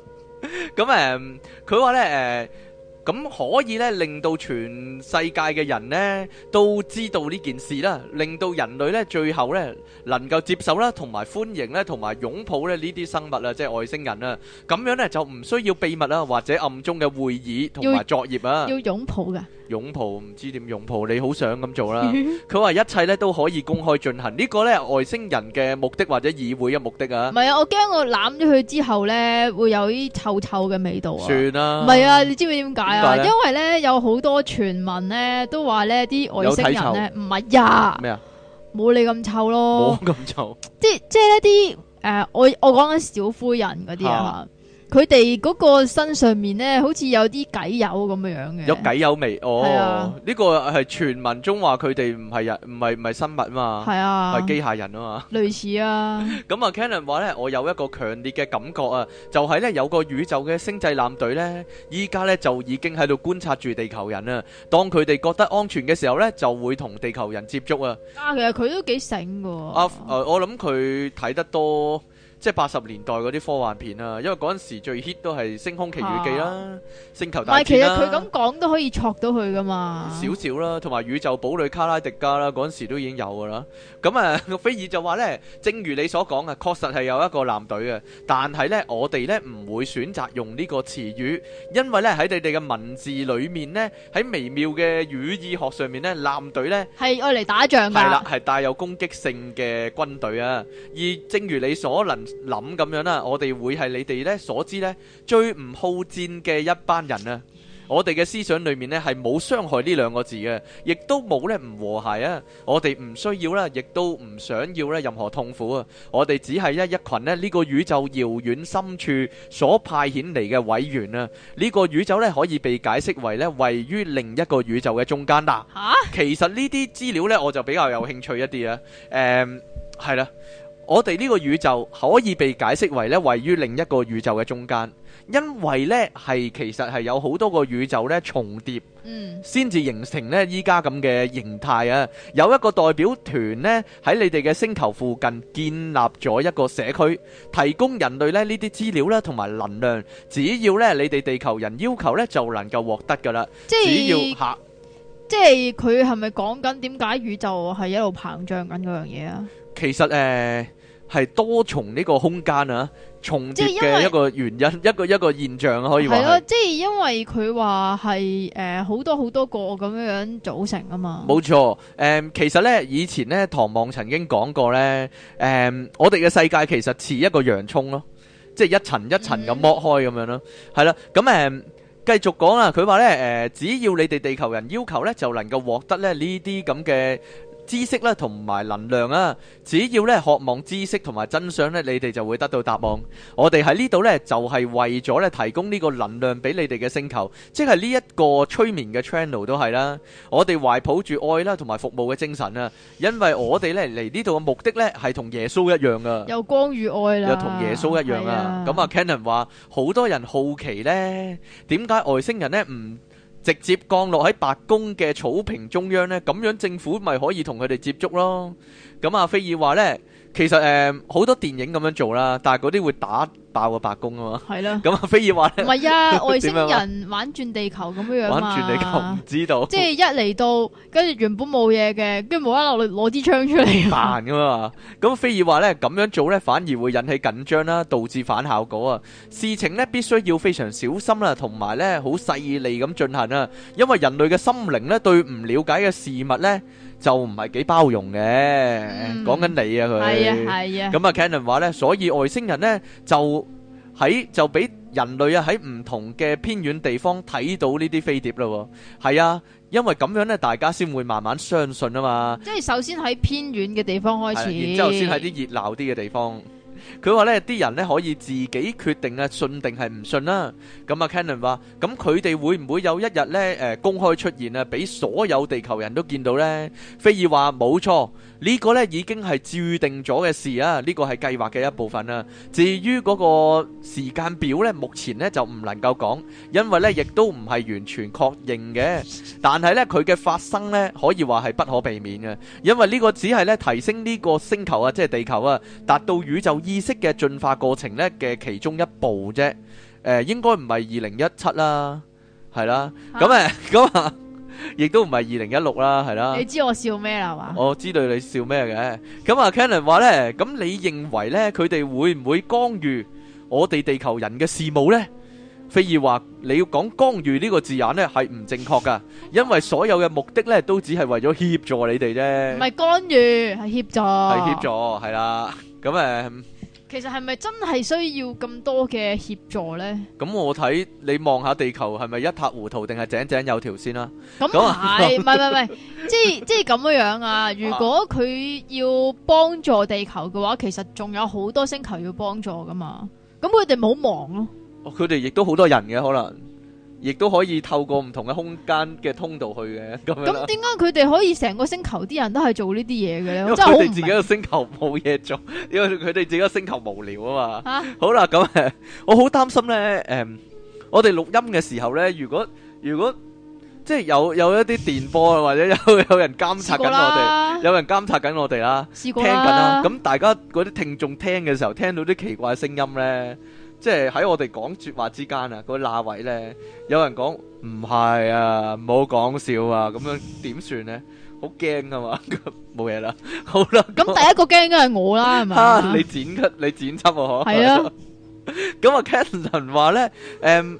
咁誒，佢話咧誒。咁可以咧，令到全世界嘅人咧都知道呢件事啦，令到人類咧最後咧能夠接受啦，同埋歡迎咧，同埋擁抱咧呢啲生物啊，即係外星人啊，咁樣咧就唔需要秘密啦，或者暗中嘅會議同埋作業啊。要擁抱嘅。擁抱唔知點擁抱，你好想咁做啦。佢話一切咧都可以公開進行，呢個咧外星人嘅目的或者議會嘅目的啊。唔係啊，我驚我攬咗佢之後咧會有啲臭臭嘅味道啊。算啦。唔係啊，你知唔知點解？啊、因為咧有好多傳聞咧都話咧啲外星人咧唔係呀，咩啊冇你咁臭咯，冇咁臭即，即即係一啲誒，我我講緊小灰人嗰啲啊。佢哋嗰個身上面咧，好似有啲偈油咁嘅樣嘅，有偈油味哦。呢個係傳聞中話佢哋唔係人，唔係唔係生物啊嘛，係啊，係機械人啊嘛，類似啊。咁啊，Cannon 話咧，我有一個強烈嘅感覺啊，就係咧有個宇宙嘅星際艦隊咧，依家咧就已經喺度觀察住地球人啊。當佢哋覺得安全嘅時候咧，就會同地球人接觸啊。啊，其實佢都幾醒嘅。呃，我諗佢睇得多。即係八十年代嗰啲科幻片啊，因為嗰陣時最 hit 都係《星空奇遇記》啦，啊《星球大戰》啦。係，其實佢咁講都可以戳到佢噶嘛。少少啦，同埋《宇宙堡壘卡拉迪加》啦，嗰陣時都已經有㗎啦。咁啊，個菲爾就話呢，正如你所講啊，確實係有一個艦隊啊。但係呢，我哋呢唔會選擇用呢個詞語，因為呢，喺你哋嘅文字裡面呢，喺微妙嘅語意學上面呢，艦隊呢係愛嚟打仗㗎。係啦，係帶有攻擊性嘅軍隊啊。而正如你所能，諗咁樣啦，我哋會係你哋咧所知咧最唔好戰嘅一班人啊！我哋嘅思想裏面咧係冇傷害呢兩個字嘅，亦都冇咧唔和諧啊！我哋唔需要啦，亦都唔想要咧任何痛苦啊！我哋只係一一群咧呢個宇宙遙遠深處所派遣嚟嘅委員啊！呢個宇宙咧可以被解釋為咧位於另一個宇宙嘅中間啦。吓，其實呢啲資料咧我就比較有興趣一啲啊，誒，係啦。我哋呢個宇宙可以被解釋為咧，位於另一個宇宙嘅中間，因為咧係其實係有好多個宇宙咧重疊，嗯，先至形成呢依家咁嘅形態啊。有一個代表團咧喺你哋嘅星球附近建立咗一個社區，提供人類咧呢啲資料啦同埋能量，只要咧你哋地球人要求咧就能夠獲得噶啦。即係，只要吓，即係佢係咪講緊點解宇宙係一路膨脹緊嗰樣嘢啊？其實誒。呃係多重呢個空間啊，重疊嘅一個原因，因一個一個，一個現象可以係咯，即係因為佢話係誒好多好多個咁樣樣組成啊嘛。冇錯，誒、嗯，其實呢，以前呢，唐望曾經講過呢，誒、嗯，我哋嘅世界其實似一個洋蔥咯，即係一層一層咁剝開咁樣咯，係、嗯、啦，咁誒繼續講啦，佢話呢，誒，只要你哋地球人要求呢，就能夠獲得咧呢啲咁嘅。這知識咧同埋能量啊，只要咧渴望知識同埋真相咧，你哋就會得到答案。我哋喺呢度咧就係為咗咧提供呢個能量俾你哋嘅星球，即係呢一個催眠嘅 channel 都係啦。我哋懷抱住愛啦同埋服務嘅精神啊，因為我哋咧嚟呢度嘅目的咧係同耶穌一樣啊，又光與愛啦。又同耶穌一樣啊。咁啊，Cannon 話好多人好奇咧，點解外星人咧唔直接降落喺白宮嘅草坪中央呢，咁樣政府咪可以同佢哋接觸咯。咁啊，菲爾話呢。其實誒，好、嗯、多電影咁樣做啦，但係嗰啲會打爆個白宮啊嘛。係啦，咁啊，菲爾話咧，唔係啊，外星人玩轉地球咁樣樣嘛。玩轉地球唔知道。即係一嚟到，跟住原本冇嘢嘅，跟住冇啦啦攞攞支槍出嚟。難噶嘛，咁菲爾話咧，咁樣做咧反而會引起緊張啦，導致反效果啊。事情咧必須要非常小心啦，啊，同埋咧好細膩咁進行啊，因為人類嘅心靈咧對唔了解嘅事物咧，就唔係幾包容嘅，嗯，講緊你啊佢。係啊係啊。咁啊，Cannon 話咧，所以外星人咧就喺就俾人類啊喺唔同嘅偏遠地方睇到呢啲飛碟咯。係啊，因為咁樣咧，大家先會慢慢相信啊嘛。即係首先喺偏遠嘅地方開始，啊、然之後先喺啲熱鬧啲嘅地方。佢話咧，啲人咧可以自己決定啊，信定係唔信啦。咁啊，Cannon 話：咁佢哋會唔會有一日咧，誒公開出現啊，俾所有地球人都見到呢？菲爾話：冇錯。呢個呢已經係注定咗嘅事啊！呢個係計劃嘅一部分啦。至於嗰個時間表呢，目前呢就唔能夠講，因為呢亦都唔係完全確認嘅。但係呢，佢嘅發生呢可以話係不可避免嘅。因為呢個只係呢提升呢個星球啊，即係地球啊，達到宇宙意識嘅進化過程呢嘅其中一步啫。誒、呃，應該唔係二零一七啦，係啦。咁誒，咁啊。 亦都唔係二零一六啦，係啦。你知我笑咩啦？嘛，我知道對你笑咩嘅。咁啊，Cannon 話呢，咁你認為呢？佢哋會唔會干預我哋地球人嘅事務呢？菲爾話，你要講干預呢個字眼呢係唔正確噶， 因為所有嘅目的呢都只係為咗協助你哋啫。唔係干預，係協助。係協助，係啦。咁誒。嗯其實係咪真係需要咁多嘅協助呢？咁我睇你望下地球係咪一塌糊塗定係井井有條先啦？咁唔係，唔 係，唔係， 即係即係咁樣樣啊！如果佢要幫助地球嘅話，其實仲有好多星球要幫助噶嘛。咁佢哋冇忙咯，啊。佢哋亦都好多人嘅可能。亦都可以透過唔同嘅空間嘅通道去嘅咁。咁點解佢哋可以成個星球啲人都係做呢啲嘢嘅咧？因為佢哋自己個星球冇嘢做，因為佢哋自己個星球無聊嘛啊嘛。好啦，咁我好擔心咧，誒、嗯，我哋錄音嘅時候咧，如果如果即係有有一啲電波，或者有有人監察緊我哋，有人監察緊我哋啦，啦，聽緊啦，咁大家嗰啲聽眾聽嘅時候聽到啲奇怪的聲音咧。即係喺我哋講絕話之間啊，個哪位呢，有人講唔係啊，唔好講笑啊，咁樣點算呢？好驚啊嘛，冇嘢啦，好啦，咁第一個驚應該係我啦，係，啊，咪啊？你剪嘅，你剪輯我啊，嗬？係啊，咁啊，Captain 話呢。嗯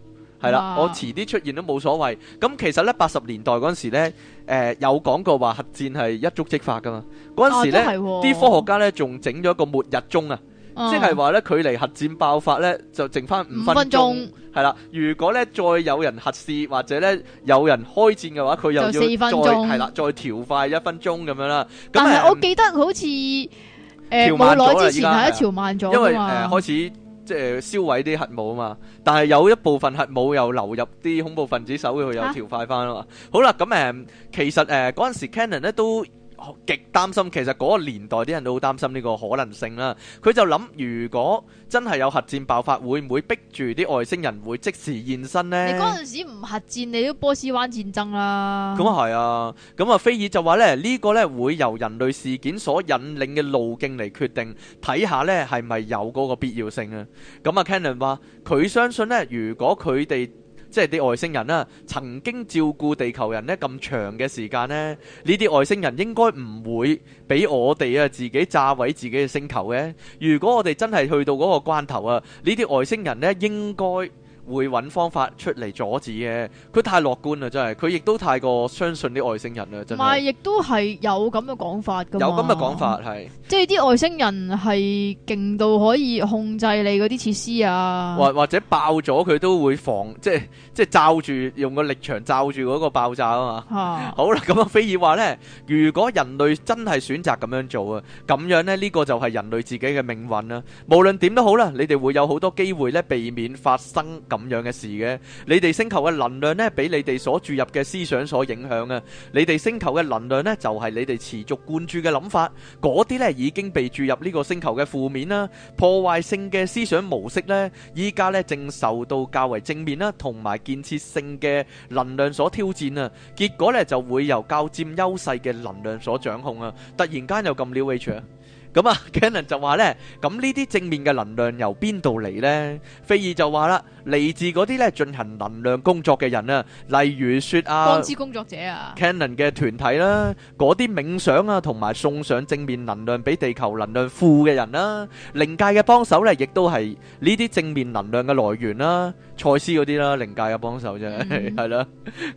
係啦，我遲啲出現都冇所謂。咁其實咧，八十年代嗰陣時咧，誒有講過話核戰係一觸即發噶嘛。嗰陣時咧，啲科學家咧仲整咗個末日鐘啊，即係話咧，距離核戰爆發咧就剩翻五分鐘。係啦，如果咧再有人核試或者咧有人開戰嘅話，佢又要再係啦，再調快一分鐘咁樣啦。但係我記得好似誒冇耐之前係一調慢咗，因為誒開始。即係銷毀啲核武啊嘛，但係有一部分核武又流入啲恐怖分子手去又調快翻啊嘛。好啦，咁、嗯、誒，其實誒嗰陣時 Canon 咧都。極擔心，其實嗰個年代啲人都好擔心呢個可能性啦。佢就諗，如果真係有核戰爆發，會唔會逼住啲外星人會即時現身呢？你嗰陣時唔核戰，你都波斯灣戰爭啦。咁係係啊，咁啊菲爾就話呢，呢個呢會由人類事件所引領嘅路徑嚟決定，睇下呢係咪有嗰個必要性啊。咁啊 Cannon 話，佢相信呢，如果佢哋。即係啲外星人啊，曾經照顧地球人呢咁長嘅時間呢，呢啲外星人應該唔會俾我哋啊自己炸毀自己嘅星球嘅。如果我哋真係去到嗰個關頭啊，呢啲外星人呢應該會揾方法出嚟阻止嘅，佢太樂觀啦，真係佢亦都太過相信啲外星人啦，真係。唔係，亦都係有咁嘅講法㗎。有咁嘅講法係，即係啲外星人係勁到可以控制你嗰啲設施啊，或或者爆咗佢都會防，即係即係罩住，用個力場罩住嗰個爆炸啊嘛。啊，好啦，咁阿菲爾話呢：「如果人類真係選擇咁樣做啊，咁樣呢，呢個就係人類自己嘅命運啦。無論點都好啦，你哋會有好多機會咧避免發生咁。」咁樣嘅事嘅，你哋星球嘅能量咧，俾你哋所注入嘅思想所影響啊！你哋星球嘅能量咧，就係你哋持續灌注嘅諗法，嗰啲咧已經被注入呢個星球嘅負面啦、破壞性嘅思想模式咧，依家咧正受到較為正面啦同埋建設性嘅能量所挑戰啊！結果咧就會由較佔優勢嘅能量所掌控啊！突然間又咁 new age 啊！咁啊，Cannon 就話咧，咁呢啲正面嘅能量由邊度嚟咧？菲爾就話啦，嚟自嗰啲咧進行能量工作嘅人啊，例如説啊，光之工作者啊，Cannon 嘅團體啦，嗰啲冥想啊，同埋送上正面能量俾地球能量庫嘅人啦，靈界嘅幫手咧，亦都係呢啲正面能量嘅來源啦，賽斯嗰啲啦，靈界嘅幫手啫，係啦，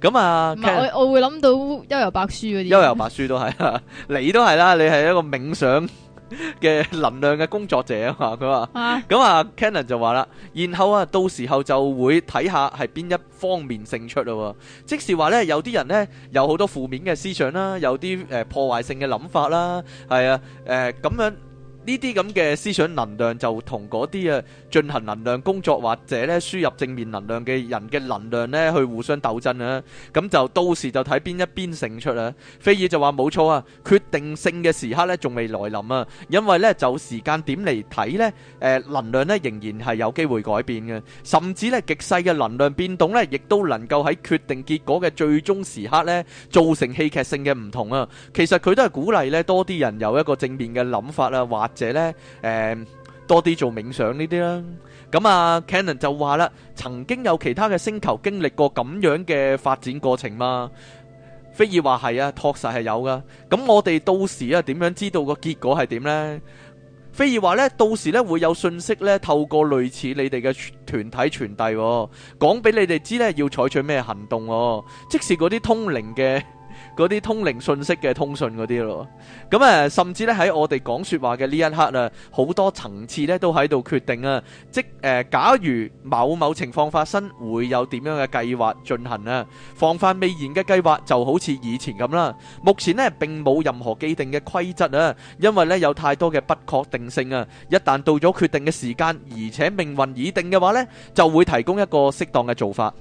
咁啊，我我會諗到幽遊白書嗰啲，幽遊白書都係，你都係啦，你係一個冥想。嘅 能量嘅工作者啊嘛，佢話咁啊，Cannon 就話啦，然後啊，到時候就會睇下係邊一方面勝出咯，啊。即是話咧，有啲人咧有好多負面嘅思想啦，有啲誒、呃、破壞性嘅諗法啦，係啊，誒、呃、咁樣。呢啲咁嘅思想能量就同嗰啲啊進行能量工作，或者咧輸入正面能量嘅人嘅能量咧去互相鬥爭啊，咁就到時就睇邊一邊勝出啊。菲爾就話冇錯啊，決定性嘅時刻咧仲未來臨啊，因為咧就時間點嚟睇咧，誒能量咧仍然係有機會改變嘅，甚至咧極細嘅能量變動咧，亦都能夠喺決定結果嘅最終時刻咧造成戲劇性嘅唔同啊。其實佢都係鼓勵咧多啲人有一個正面嘅諗法啊，話。者咧、誒，多啲做冥想呢啲啦。咁啊，Cannon 就話啦，曾經有其他嘅星球經歷過咁樣嘅發展過程嘛？菲爾話：「係啊，確實係有噶。咁我哋到時啊，點樣知道個結果係點呢？菲爾話：「呢，到時呢，會有信息呢，透過類似你哋嘅團體傳遞、哦，講俾你哋知呢，要採取咩行動、哦。即使嗰啲通靈嘅。嗰啲通靈信息嘅通訊嗰啲咯，咁誒，甚至咧喺我哋講説話嘅呢一刻啊，好多層次咧都喺度決定啊，即誒，假如某某情況發生，會有點樣嘅計劃進行啊，防範未然嘅計劃就好似以前咁啦。目前咧並冇任何既定嘅規則啊，因為咧有太多嘅不確定性啊。一旦到咗決定嘅時間，而且命運已定嘅話咧，就會提供一個適當嘅做法。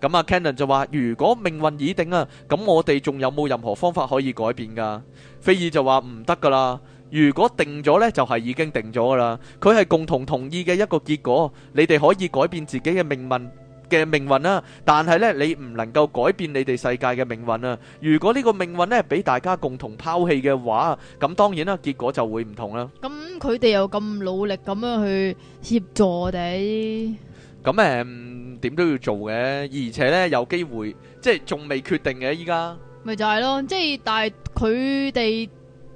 咁啊，Cannon 就話：如果命運已定啊，咁我哋仲有冇任何方法可以改變噶？菲爾就話唔得噶啦。如果定咗咧，就係已經定咗噶啦。佢係共同同意嘅一個結果。你哋可以改變自己嘅命運嘅命運啊，但係咧，你唔能夠改變你哋世界嘅命運啊。如果呢個命運咧，俾大家共同拋棄嘅話，咁當然啦，結果就會唔同啦。咁佢哋又咁努力咁樣去協助我哋。咁、嗯、誒，點都要做嘅，而且咧有機會，即係仲未決定嘅依家，咪就係咯，即係但係佢哋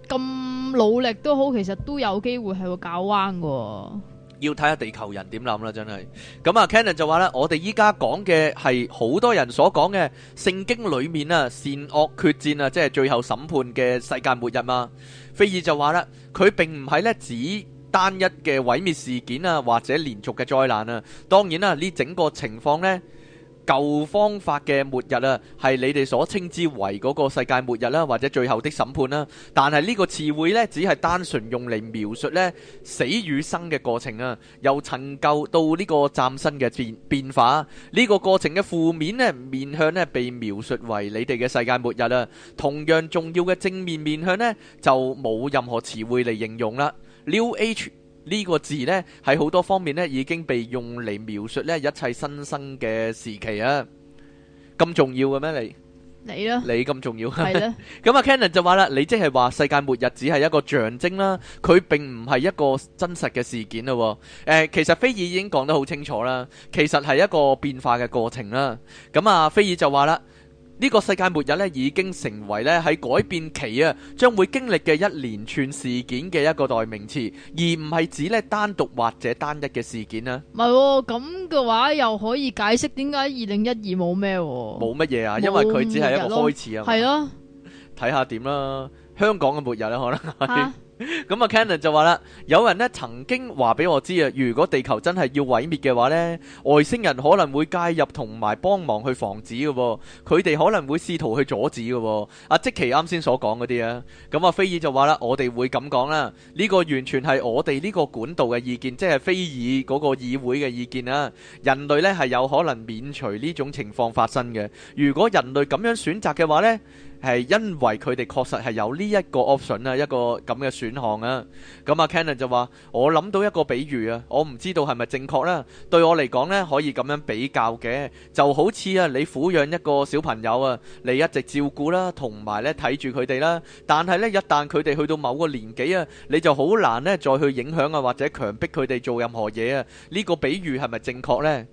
咁努力都好，其實都有機會係會搞彎喎。要睇下地球人點諗啦，真係。咁、嗯、啊，Cannon 就話咧，我哋依家講嘅係好多人所講嘅聖經裏面啊，善惡決戰啊，即係最後審判嘅世界末日嘛。菲爾就話啦，佢並唔係咧指。單一嘅毀滅事件啊，或者連續嘅災難啊，當然啦，呢整個情況呢，舊方法嘅末日啊，係你哋所稱之為嗰個世界末日啦，或者最後的審判啦。但係呢個詞彙呢，只係單純用嚟描述呢死與生嘅過程啊，由陳舊到呢個嶄新嘅變變化呢、呢個過程嘅負面呢，面向呢，被描述為你哋嘅世界末日啊。同樣重要嘅正面面向呢，就冇任何詞彙嚟形容啦。New Age 呢個字呢，喺好多方面呢，已經被用嚟描述呢一切新生嘅時期啊。咁重要嘅咩？你你咯，你咁重要係咁啊，Cannon 就話啦，你即係話世界末日只係一個象徵啦，佢並唔係一個真實嘅事件咯。誒、呃，其實菲爾已經講得好清楚啦，其實係一個變化嘅過程啦。咁、嗯、啊，菲爾就話啦。呢個世界末日咧已經成為咧喺改變期啊，將會經歷嘅一連串事件嘅一個代名詞，而唔係指咧單獨或者單一嘅事件啦。唔係喎，咁嘅話又可以解釋點解二零一二冇咩喎？冇乜嘢啊，因為佢只係一個開始啊。係咯，睇下點啦。香港嘅末日咧，可能係。咁啊，Cannon 就話啦，有人呢曾經話俾我知啊，如果地球真係要毀滅嘅話呢，外星人可能會介入同埋幫忙去防止喎。佢哋可能會試圖去阻止噶。阿、啊、即奇啱先所講嗰啲啊，咁啊，菲爾就話啦，我哋會咁講啦，呢個完全係我哋呢個管道嘅意見，即係菲爾嗰個議會嘅意見啦。人類呢係有可能免除呢種情況發生嘅，如果人類咁樣選擇嘅話呢。係因為佢哋確實係有呢一個 option 啊，一個咁嘅選項啊。咁阿 Cannon 就話：我諗到一個比喻啊，我唔知道係咪正確啦。對我嚟講呢，可以咁樣比較嘅，就好似啊，你撫養一個小朋友啊，你一直照顧啦，同埋咧睇住佢哋啦。但係呢，一旦佢哋去到某個年紀啊，你就好難呢再去影響啊，或者強迫佢哋做任何嘢啊。呢個比喻係咪正確呢？」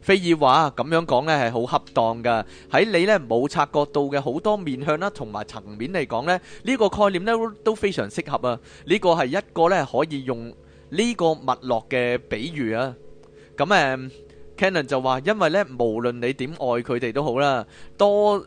菲爾話，咁樣講咧係好恰當嘅，喺你咧冇察覺到嘅好多面向啦，同埋層面嚟講咧，呢個概念咧都非常適合啊！呢個係一個咧可以用呢個脈絡嘅比喻啊！咁誒，Canon 就話，因為咧，無論你點愛佢哋都好啦，多。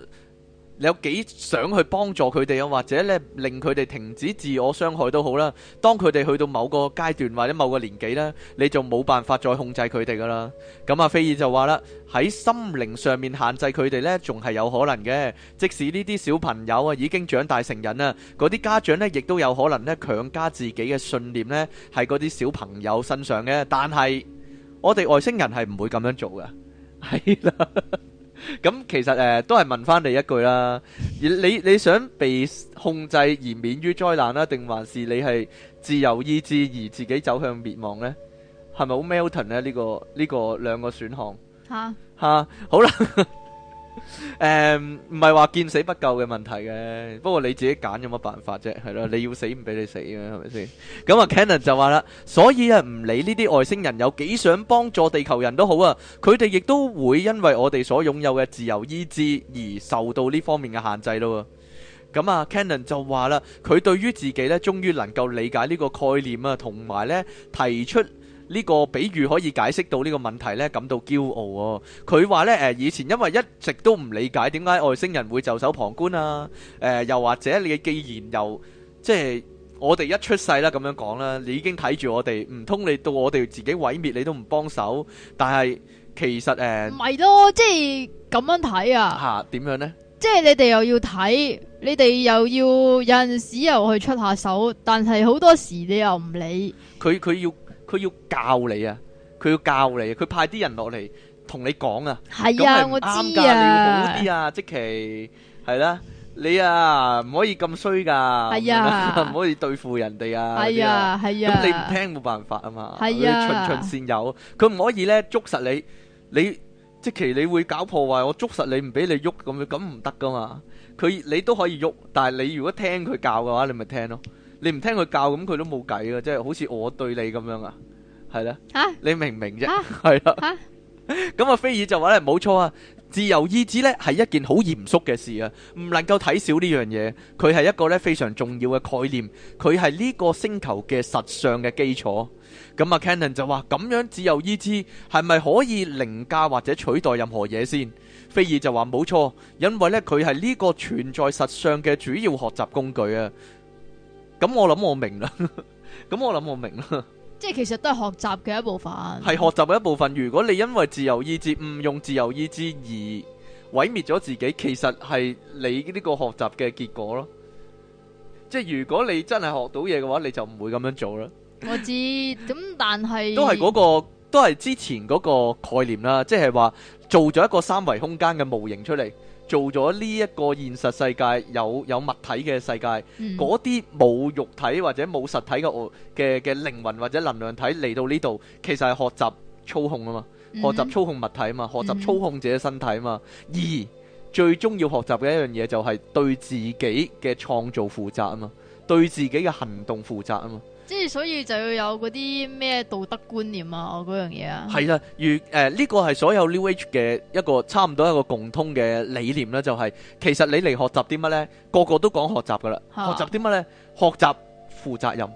你有幾想去幫助佢哋，或者咧令佢哋停止自我傷害都好啦。當佢哋去到某個階段或者某個年紀呢，你就冇辦法再控制佢哋噶啦。咁阿菲爾就話啦，喺心靈上面限制佢哋呢，仲係有可能嘅。即使呢啲小朋友啊已經長大成人啦，嗰啲家長呢亦都有可能咧強加自己嘅信念呢喺嗰啲小朋友身上嘅。但係我哋外星人係唔會咁樣做噶。係啦。咁其實誒、呃，都係問翻你一句啦。而你你想被控制而免於災難啦，定還是你係自由意志而自己走向滅亡呢？係咪好 melton 呢呢、呢個呢、呢個兩個選項吓吓，好啦。 誒，唔係話見死不救嘅問題嘅，不過你自己揀有乜辦法啫？係咯，你要死唔俾你死嘅，係咪先？咁 啊，Cannon 就話啦，所以啊，唔理呢啲外星人有幾想幫助地球人都好啊，佢哋亦都會因為我哋所擁有嘅自由意志而受到呢方面嘅限制咯。咁啊，Cannon 就話啦，佢對於自己呢終於能夠理解呢個概念啊，同埋呢提出。呢個比喻可以解釋到呢個問題呢，感到驕傲哦。佢話呢，誒，以前因為一直都唔理解點解外星人會袖手旁觀啊？誒，又或者你嘅既然又即係我哋一出世啦，咁樣講啦，你已經睇住我哋，唔通你到我哋自己毀滅，你都唔幫手？但係其實誒，唔係咯，即係咁樣睇啊。吓，點樣呢？即係你哋又要睇，你哋又要有陣時又去出下手，但係好多時你又唔理。佢佢要。佢要教你啊，佢要教你啊，佢派啲人落嚟同你講啊，咁係啱噶，你會好啲啊，即其係啦，你啊唔可以咁衰噶，唔可以對付人哋啊，咁你唔聽冇辦法啊嘛，佢循循善誘，佢唔可以咧捉實你，你即其你會搞破壞，我捉實你唔俾你喐咁樣，咁唔得噶嘛，佢你都可以喐，但係你如果聽佢教嘅話，你咪聽咯。你唔聽佢教他，咁佢都冇計㗎。即係好似我對你咁樣啊，係啦，你明唔明啫？係啦，咁啊，啊 菲爾就話咧，冇錯啊，自由意志咧係一件好嚴肅嘅事啊，唔能夠睇小呢樣嘢，佢係一個咧非常重要嘅概念，佢係呢個星球嘅實相嘅基礎。咁啊，Cannon 就話咁樣自由意志係咪可以凌駕或者取代任何嘢先？菲爾就話冇錯，因為咧佢係呢個存在實相嘅主要學習工具啊。咁我諗我明啦，咁我諗我明啦，即係其實都係學習嘅一部分，係學習嘅一部分。如果你因為自由意志誤用自由意志而毀滅咗自己，其實係你呢個學習嘅結果咯。即係如果你真係學到嘢嘅話，你就唔會咁樣做啦 。我知，咁但係都係嗰個，都係之前嗰個概念啦，即係話做咗一個三維空間嘅模型出嚟。做咗呢一個現實世界有有物體嘅世界，嗰啲冇肉體或者冇實體嘅嘅嘅靈魂或者能量體嚟到呢度，其實係學習操控啊嘛，嗯、學習操控物體啊嘛，學習操控自己身體啊嘛。二、嗯、最重要學習嘅一樣嘢就係對自己嘅創造負責啊嘛，對自己嘅行動負責啊嘛。即係所以就要有嗰啲咩道德觀念啊嗰樣嘢啊係啦，如誒呢個係所有 New Age 嘅一個差唔多一個共通嘅理念啦、啊，就係、是、其實你嚟學習啲乜咧，個個都講學習噶啦，學習啲乜咧，學習負責任，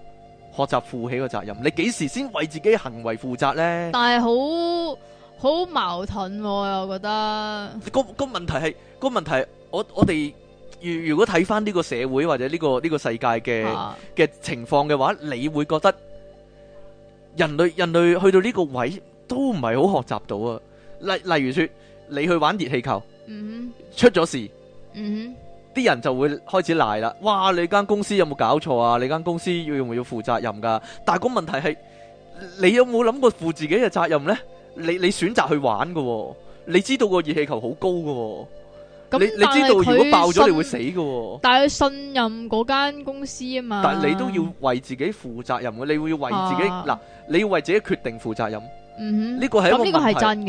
學習負起個責任，你幾時先為自己行為負責咧？但係好好矛盾、啊、我覺得個個問題係個問題，我我哋。如如果睇翻呢個社會或者呢個呢個世界嘅嘅情況嘅話，你會覺得人類人類去到呢個位都唔係好學習到啊。例例如說，你去玩熱氣球，嗯、mm -hmm.，出咗事，嗯，啲人就會開始賴啦。哇！你間公司有冇搞錯啊？你間公司要用要要負責任噶。但係個問題係，你有冇諗過負自己嘅責任呢？你你選擇去玩嘅、哦，你知道個熱氣球好高嘅、哦。你你知道如果爆咗你會死嘅、哦，但係佢信任嗰間公司啊嘛，但係你都要為自己負責任嘅，你會要為自己嗱、啊、你要為自己決定負責任，呢、嗯、個係、嗯、真嘅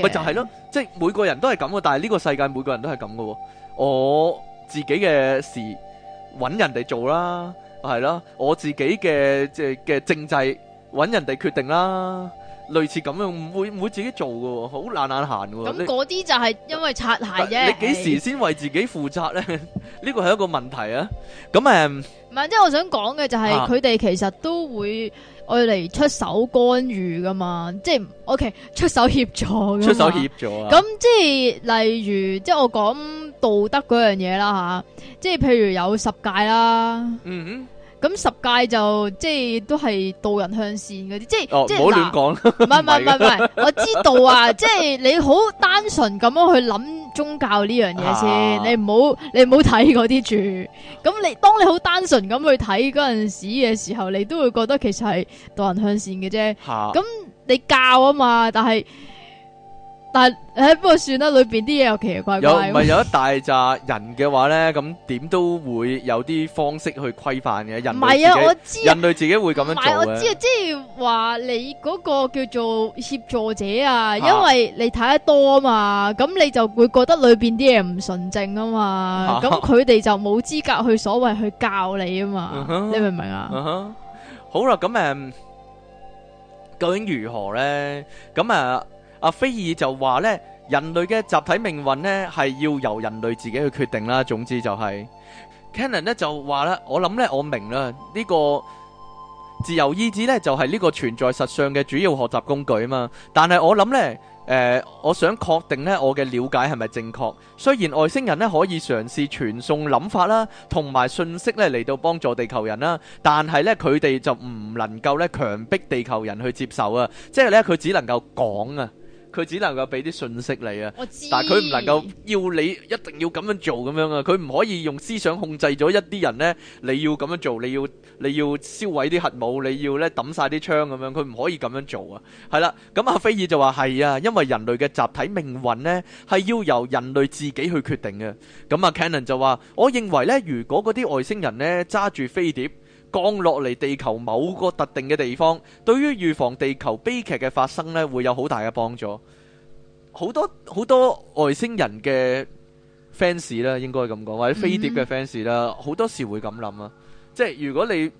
咪就係、是、咯，即係每個人都係咁嘅，但係呢個世界每個人都係咁嘅，我自己嘅事揾人哋做啦，係咯，我自己嘅即係嘅政制揾人哋決定啦。類似咁樣唔會唔會自己做嘅，好懶懶閒嘅。咁嗰啲就係因為擦鞋啫。你幾時先為自己負責咧？呢個係一個問題啊。咁誒，唔係,即係我想講嘅就係佢哋其實都會愛嚟出手干預噶嘛，即係 OK 出手協助嘅。出手協助啊！咁即係例如，即係我講道德嗰樣嘢啦吓，即係譬如有十戒啦。嗯哼。咁十戒就即係都係導人向善嗰啲，即係、哦、即係唔好亂講咯。唔係唔係唔係， 我知道啊， 即係你好單純咁樣去諗宗教呢樣嘢先，你唔好你唔好睇嗰啲住。咁你當你好單純咁去睇嗰陣時嘅時候，你都會覺得其實係導人向善嘅啫。咁、啊、你教啊嘛，但係。但係誒，不過算啦，裏邊啲嘢，又奇奇怪怪。有唔係有一大扎人嘅話咧，咁點都會有啲方式去規範嘅人類自己。唔係啊，我知。人類自己會咁樣做。唔係，我知啊，即係話你嗰個叫做協助者啊，因為你睇得多嘛，咁你就會覺得裏邊啲嘢唔純正啊嘛，咁佢哋就冇資格去所謂去教你啊嘛，你明唔明啊？好啦，咁誒，究竟如何咧？咁誒？阿菲爾就話咧，人類嘅集體命運咧係要由人類自己去決定啦。總之就係、是、Cannon 咧就話啦，我諗咧，我明啦，呢、這個自由意志咧就係、是、呢個存在實相嘅主要學習工具啊嘛。但係我諗咧、呃，我想確定咧我嘅了解係咪正確？雖然外星人咧可以嘗試傳送諗法啦，同埋信息咧嚟到幫助地球人啦，但係咧佢哋就唔能夠咧強迫地球人去接受啊，即係咧佢只能夠講啊。佢只能夠俾啲信息你啊，但係佢唔能夠要你一定要咁樣做咁樣啊。佢唔可以用思想控制咗一啲人咧，你要咁樣做，你要你要燒毀啲核武，你要咧揼晒啲槍咁樣，佢唔可以咁樣做啊。係啦，咁阿菲爾就話係啊，因為人類嘅集體命運咧係要由人類自己去決定嘅。咁阿 Canon 就話，我認為咧，如果嗰啲外星人咧揸住飛碟。降落嚟地球某個特定嘅地方，對於預防地球悲劇嘅發生咧，會有好大嘅幫助。好多好多外星人嘅 fans 啦，應該咁講，或者飛碟嘅 fans 啦、嗯，好多時會咁諗啊。即係如果你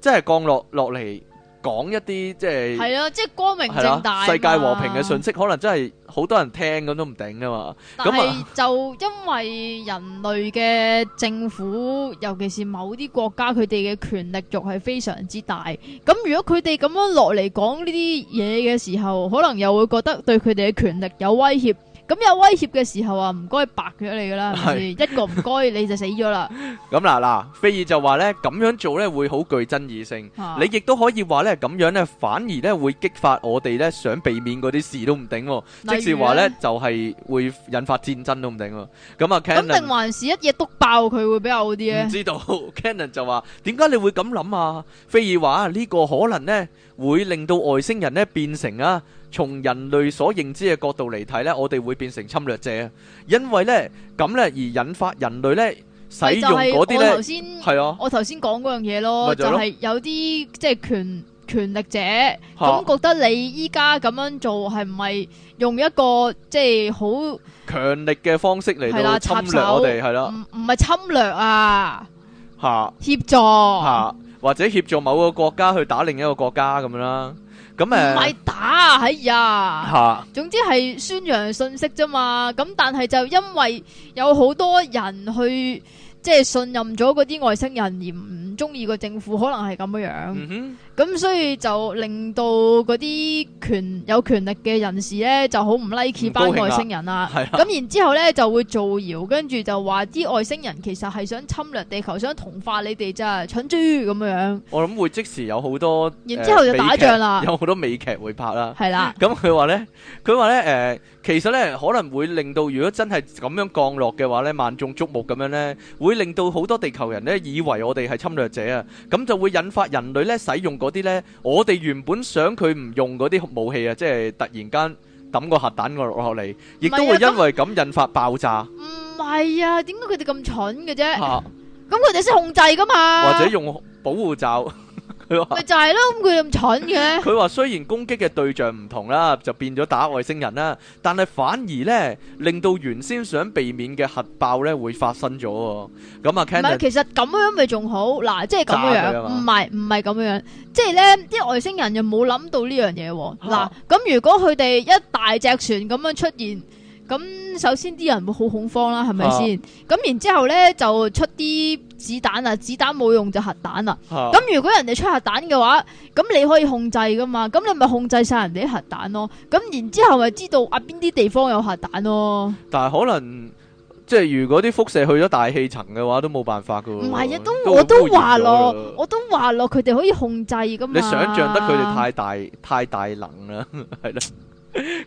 即係降落落嚟講一啲，即係係啊，即、就、係、是、光明正大、啊、世界和平嘅信息，可能真係。好多人聽咁都唔頂噶嘛，但係就因為人類嘅政府，尤其是某啲國家佢哋嘅權力欲係非常之大，咁如果佢哋咁樣落嚟講呢啲嘢嘅時候，可能又會覺得對佢哋嘅權力有威脅。咁有威脅嘅時候啊，唔該白約你噶啦，係咪？一個唔該你就死咗啦。咁嗱嗱，菲爾就話咧，咁樣做咧會好具爭議性。你亦都可以話咧，咁樣咧反而咧會激發我哋咧想避免嗰啲事都唔定，即是話咧就係會引發戰爭都唔定。咁啊，Cannon 咁定還是一嘢篤爆佢會比較好啲咧？唔知道，Cannon 就話點解你會咁諗啊？菲爾話呢個可能咧會令到外星人咧變成啊。從人類所認知嘅角度嚟睇咧，我哋會變成侵略者，因為咧咁咧而引發人類咧使用嗰啲咧，係咯。我頭先講嗰樣嘢咯，就係有啲即係權權力者咁覺得你依家咁樣做係唔係用一個即係好強力嘅方式嚟到侵略我哋？係啦，唔唔係侵略啊，協助吓，或者協助某個國家去打另一個國家咁樣啦。咁唔係、嗯、打啊，哎呀，總之係宣揚信息啫嘛。咁但係就因為有好多人去即係信任咗嗰啲外星人而唔中意個政府，可能係咁樣樣。嗯咁所以就令到嗰啲權有權力嘅人士咧就好唔 like 啲班外星人啦。咁然之後咧就會造謠，跟住就話啲外星人其實係想侵略地球，想同化你哋啫，蠢豬咁樣。我諗會即時有好多，然之後就打仗啦。有好多美劇會拍啦。係啦。咁佢話咧，佢話咧，誒,其實咧可能會令到如果真係咁樣降落嘅話咧，萬眾矚目咁樣咧，會令到好多地球人咧以為我哋係侵略者啊，咁就會引發人類咧使用。嗰啲咧，我哋原本想佢唔用嗰啲武器啊，即係突然間抌個核彈落嚟，亦都會因為咁引發爆炸。唔係啊，點解佢哋咁蠢嘅啫？吓，咁佢哋識控制噶嘛？或者用保護罩。咪就係咯，咁佢咁蠢嘅。佢話雖然攻擊嘅對象唔同啦，就變咗打外星人啦，但係反而咧令到原先想避免嘅核爆咧會發生咗喎。咁啊，唔係其實咁樣咪仲好，嗱，即係咁樣，唔係，唔係咁樣，即係咧啲外星人又冇諗到呢樣嘢喎。嗱，咁如果佢哋一大隻船咁樣出現。咁首先啲人會好恐慌啦，係咪先？咁、啊、然之後呢，就出啲子彈啊，子彈冇用就核彈啊。咁如果人哋出核彈嘅話，咁你可以控制噶嘛？咁你咪控制晒人哋啲核彈咯。咁然之後咪知道啊邊啲地方有核彈咯。但係可能即係如果啲輻射去咗大氣層嘅話，都冇辦法噶。唔係啊，都我都話咯，我都話咯，佢哋可以控制噶嘛。你想象得佢哋太大太大能啦，係咯。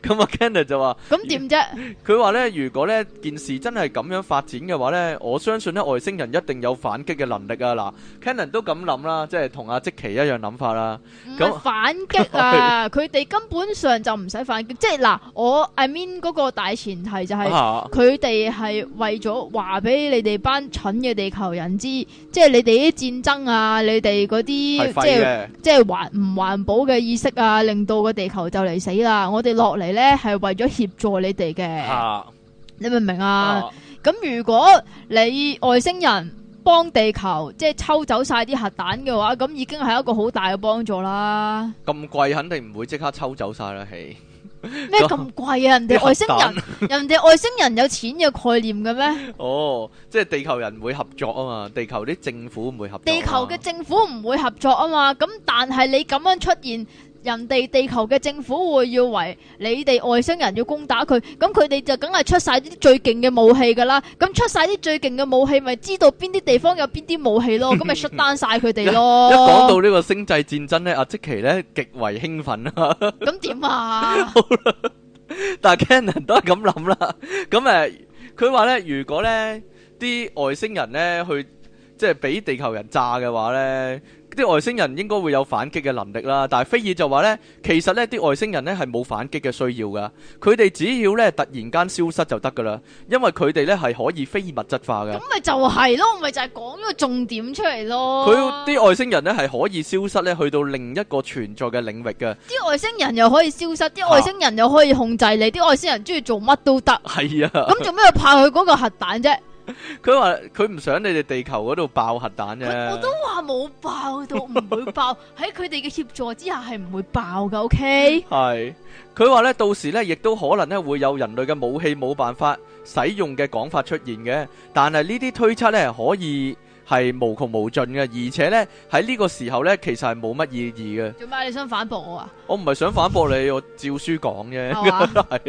咁 啊，Cannon 就話：咁點啫？佢話咧，如果咧件事真係咁樣發展嘅話咧，我相信咧外星人一定有反擊嘅能力啊！嗱，Cannon 都咁諗啦，即係同阿積奇一樣諗法啦。咁反擊啊！佢 哋根本上就唔使反擊， 即係嗱，我 I mean 嗰個大前提就係佢哋係為咗話俾你哋班蠢嘅地球人知，即係你哋啲戰爭啊，你哋嗰啲即係即係環唔環保嘅意識啊，令到個地球就嚟死啦！我哋落嚟呢係為咗協助你哋嘅、啊，你明唔明啊？咁、啊、如果你外星人幫地球，即係抽走晒啲核彈嘅話，咁已經係一個好大嘅幫助啦。咁貴肯定唔會即刻抽走晒啦，係咩咁貴啊？人哋外星人， 人哋外星人有錢嘅概念嘅咩？哦，即係地球人唔會合作啊嘛，地球啲政府唔會合作？地球嘅政府唔會合作啊嘛。咁但係你咁樣出現。人哋地球嘅政府會要為你哋外星人要攻打佢，咁佢哋就梗係出晒啲最勁嘅武器噶啦。咁出晒啲最勁嘅武器，咪知道邊啲地方有邊啲武器咯。咁 咪 shut down 晒佢哋咯。 一講到呢個星際戰爭咧，阿積奇咧極為興奮啦。咁 點樣啊？ 好喇，但係 Cannon 都係咁諗啦。咁誒，佢話咧，如果咧啲外星人咧去即係俾地球人炸嘅話咧，啲外星人應該會有反擊嘅能力啦，但係菲爾就話呢，其實呢啲外星人呢係冇反擊嘅需要噶，佢哋只要呢突然間消失就得噶啦，因為佢哋呢係可以非物質化嘅。咁咪就係咯，我咪就係講咗個重點出嚟咯。佢啲外星人呢係可以消失呢，去到另一個存在嘅領域嘅。啲外星人又可以消失，啲外星人又可以控制你，啲外星人中意做乜都得。係啊。咁做咩要怕佢嗰個核彈啫？ 佢話佢唔想你哋地球嗰度爆核彈啫，我都話冇爆到，唔會爆，喺佢哋嘅協助之下係唔會爆㗎，OK？係佢話咧，到時咧亦都可能咧會有人類嘅武器冇辦法使用嘅講法出現嘅，但係呢啲推測咧可以。係無窮無盡嘅，而且咧喺呢個時候咧，其實係冇乜意義嘅。做咩你想反駁我啊？我唔係想反駁你，我照書講啫。係啊，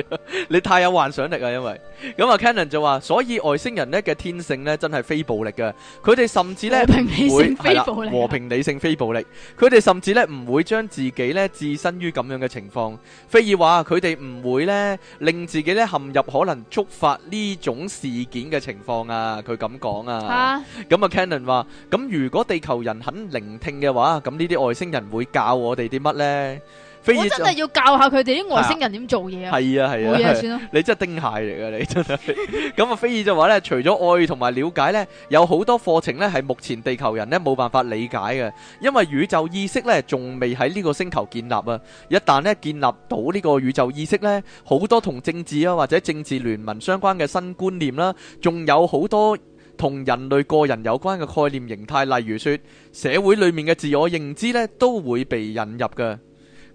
你太有幻想力啊！因為咁啊，Cannon 就話，所以外星人咧嘅天性咧，真係非暴力嘅。佢哋甚至咧和平理性非暴力，和平理性非暴力。佢哋甚至咧唔會將自己咧置身於咁樣嘅情況。菲爾話佢哋唔會咧令自己咧陷入可能觸發呢種事件嘅情況啊。佢咁講啊。吓。咁啊，Cannon。人話咁，如果地球人肯聆聽嘅話，咁呢啲外星人會教我哋啲乜咧？我真係要教下佢哋啲外星人點做嘢啊！係啊係啊，冇嘢算咯。你真係丁蟹嚟噶你真係。咁啊，菲爾就話咧，除咗愛同埋了解咧，有好多課程咧係目前地球人咧冇辦法理解嘅，因為宇宙意識咧仲未喺呢個星球建立啊。一旦咧建立到呢個宇宙意識咧，好多同政治啊或者政治聯盟相關嘅新觀念啦，仲有好多。同人類個人有關嘅概念形態，例如說社會裡面嘅自我認知咧，都會被引入嘅。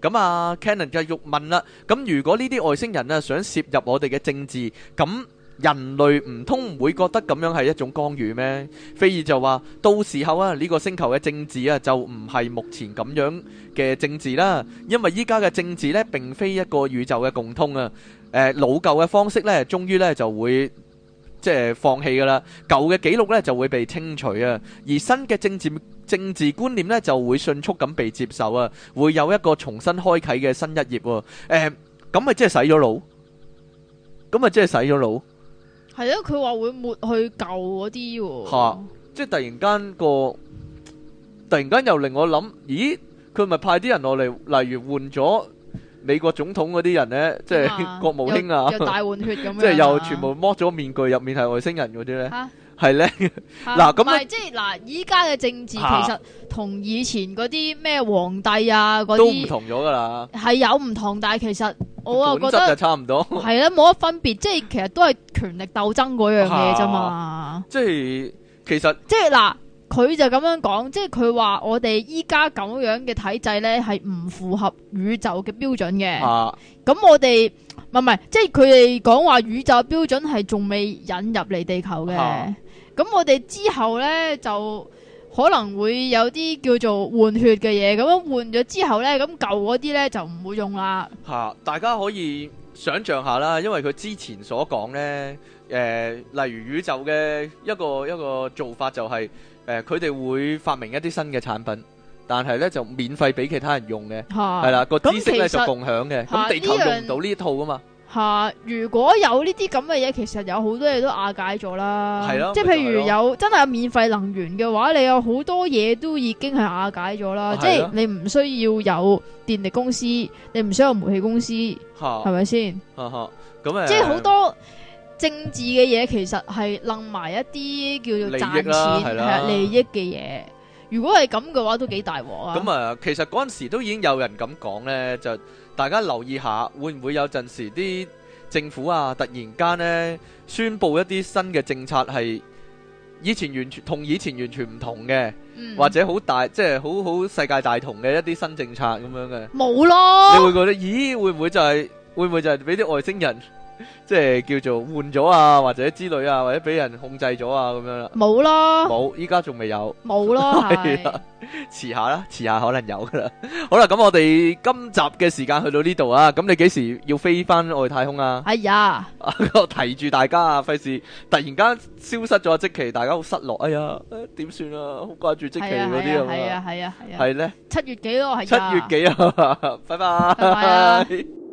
咁啊，Cannon 嘅欲問啦，咁如果呢啲外星人啊想涉入我哋嘅政治，咁人類唔通唔會覺得咁樣係一種干預咩？菲爾就話：到時候啊，呢個星球嘅政治啊，就唔係目前咁樣嘅政治啦，因為依家嘅政治咧並非一個宇宙嘅共通啊。誒老舊嘅方式咧，終於咧就會。即係放棄噶啦，舊嘅記錄呢就會被清除啊，而新嘅政治政治觀念呢就會迅速咁被接受啊，會有一個重新開啟嘅新一頁喎。誒，咁咪即係洗咗腦，咁咪即係洗咗腦，係啊，佢話會抹去舊嗰啲，吓，即係突然間個，突然間又令我諗，咦，佢咪派啲人落嚟，例如換咗。美國總統嗰啲人咧，即係國務卿啊，啊又，又大換血噉樣即係 又全部剝咗面具，入面係外星人嗰啲咧，係、啊、咧。嗱咁唔係即係嗱，依家嘅政治、啊、其實同以前嗰啲咩皇帝啊啲都唔同咗㗎啦。係有唔同，但係其實我啊覺得質就差唔多。係啊，冇乜分別， 即係其實都係權力鬥爭嗰樣嘢啫嘛。即係其實即係嗱。啊佢就咁樣講，即係佢話我哋依家咁樣嘅體制呢係唔符合宇宙嘅標準嘅。咁、啊、我哋唔係唔係，即係佢哋講話宇宙標準係仲未引入嚟地球嘅。咁、啊、我哋之後呢，就可能會有啲叫做換血嘅嘢。咁樣換咗之後呢，咁舊嗰啲呢就唔會用啦。吓，大家可以想象下啦，因為佢之前所講呢，誒、呃，例如宇宙嘅一個一個做法就係、是。誒、呃，佢哋會發明一啲新嘅產品，但係咧就免費俾其他人用嘅，係、啊、啦個知識咧就共享嘅。咁、啊、地球用唔到呢一套的嘛㗎嘛。吓，如果有呢啲咁嘅嘢，其實有好多嘢都瓦解咗啦。係咯，即係譬如有真係有免費能源嘅話的，你有好多嘢都已經係瓦解咗啦。即係你唔需要有電力公司，你唔需要有煤氣公司，係咪先？即係好多。政治嘅嘢其實係掹埋一啲叫做賺錢利益嘅嘢。如果係咁嘅話，都幾大鑊啊！咁啊，其實嗰陣時都已經有人咁講呢：「就大家留意一下，會唔會有陣時啲政府啊，突然間呢，宣佈一啲新嘅政策係以前完全同以前完全唔同嘅，嗯、或者好大即係好好世界大同嘅一啲新政策咁樣嘅。冇咯。你會覺得咦？會唔會就係、係、會唔會就係俾啲外星人？即係叫做換咗啊，或者之類啊，或者俾人控制咗啊，咁樣啦。冇咯，冇，依家仲未有。冇咯，係 遲下啦，遲下可能有噶啦。 好啦，咁我哋今集嘅時間去到呢度啊，咁你幾時要飛翻外太空啊？哎呀， 我提住大家啊，費事突然間消失咗，即期大家好失落。哎呀，點、哎、算啊？好掛住即期嗰啲啊嘛。係啊係啊係啊，係咧。七月幾咯？係七月幾 拜拜拜拜啊？拜拜。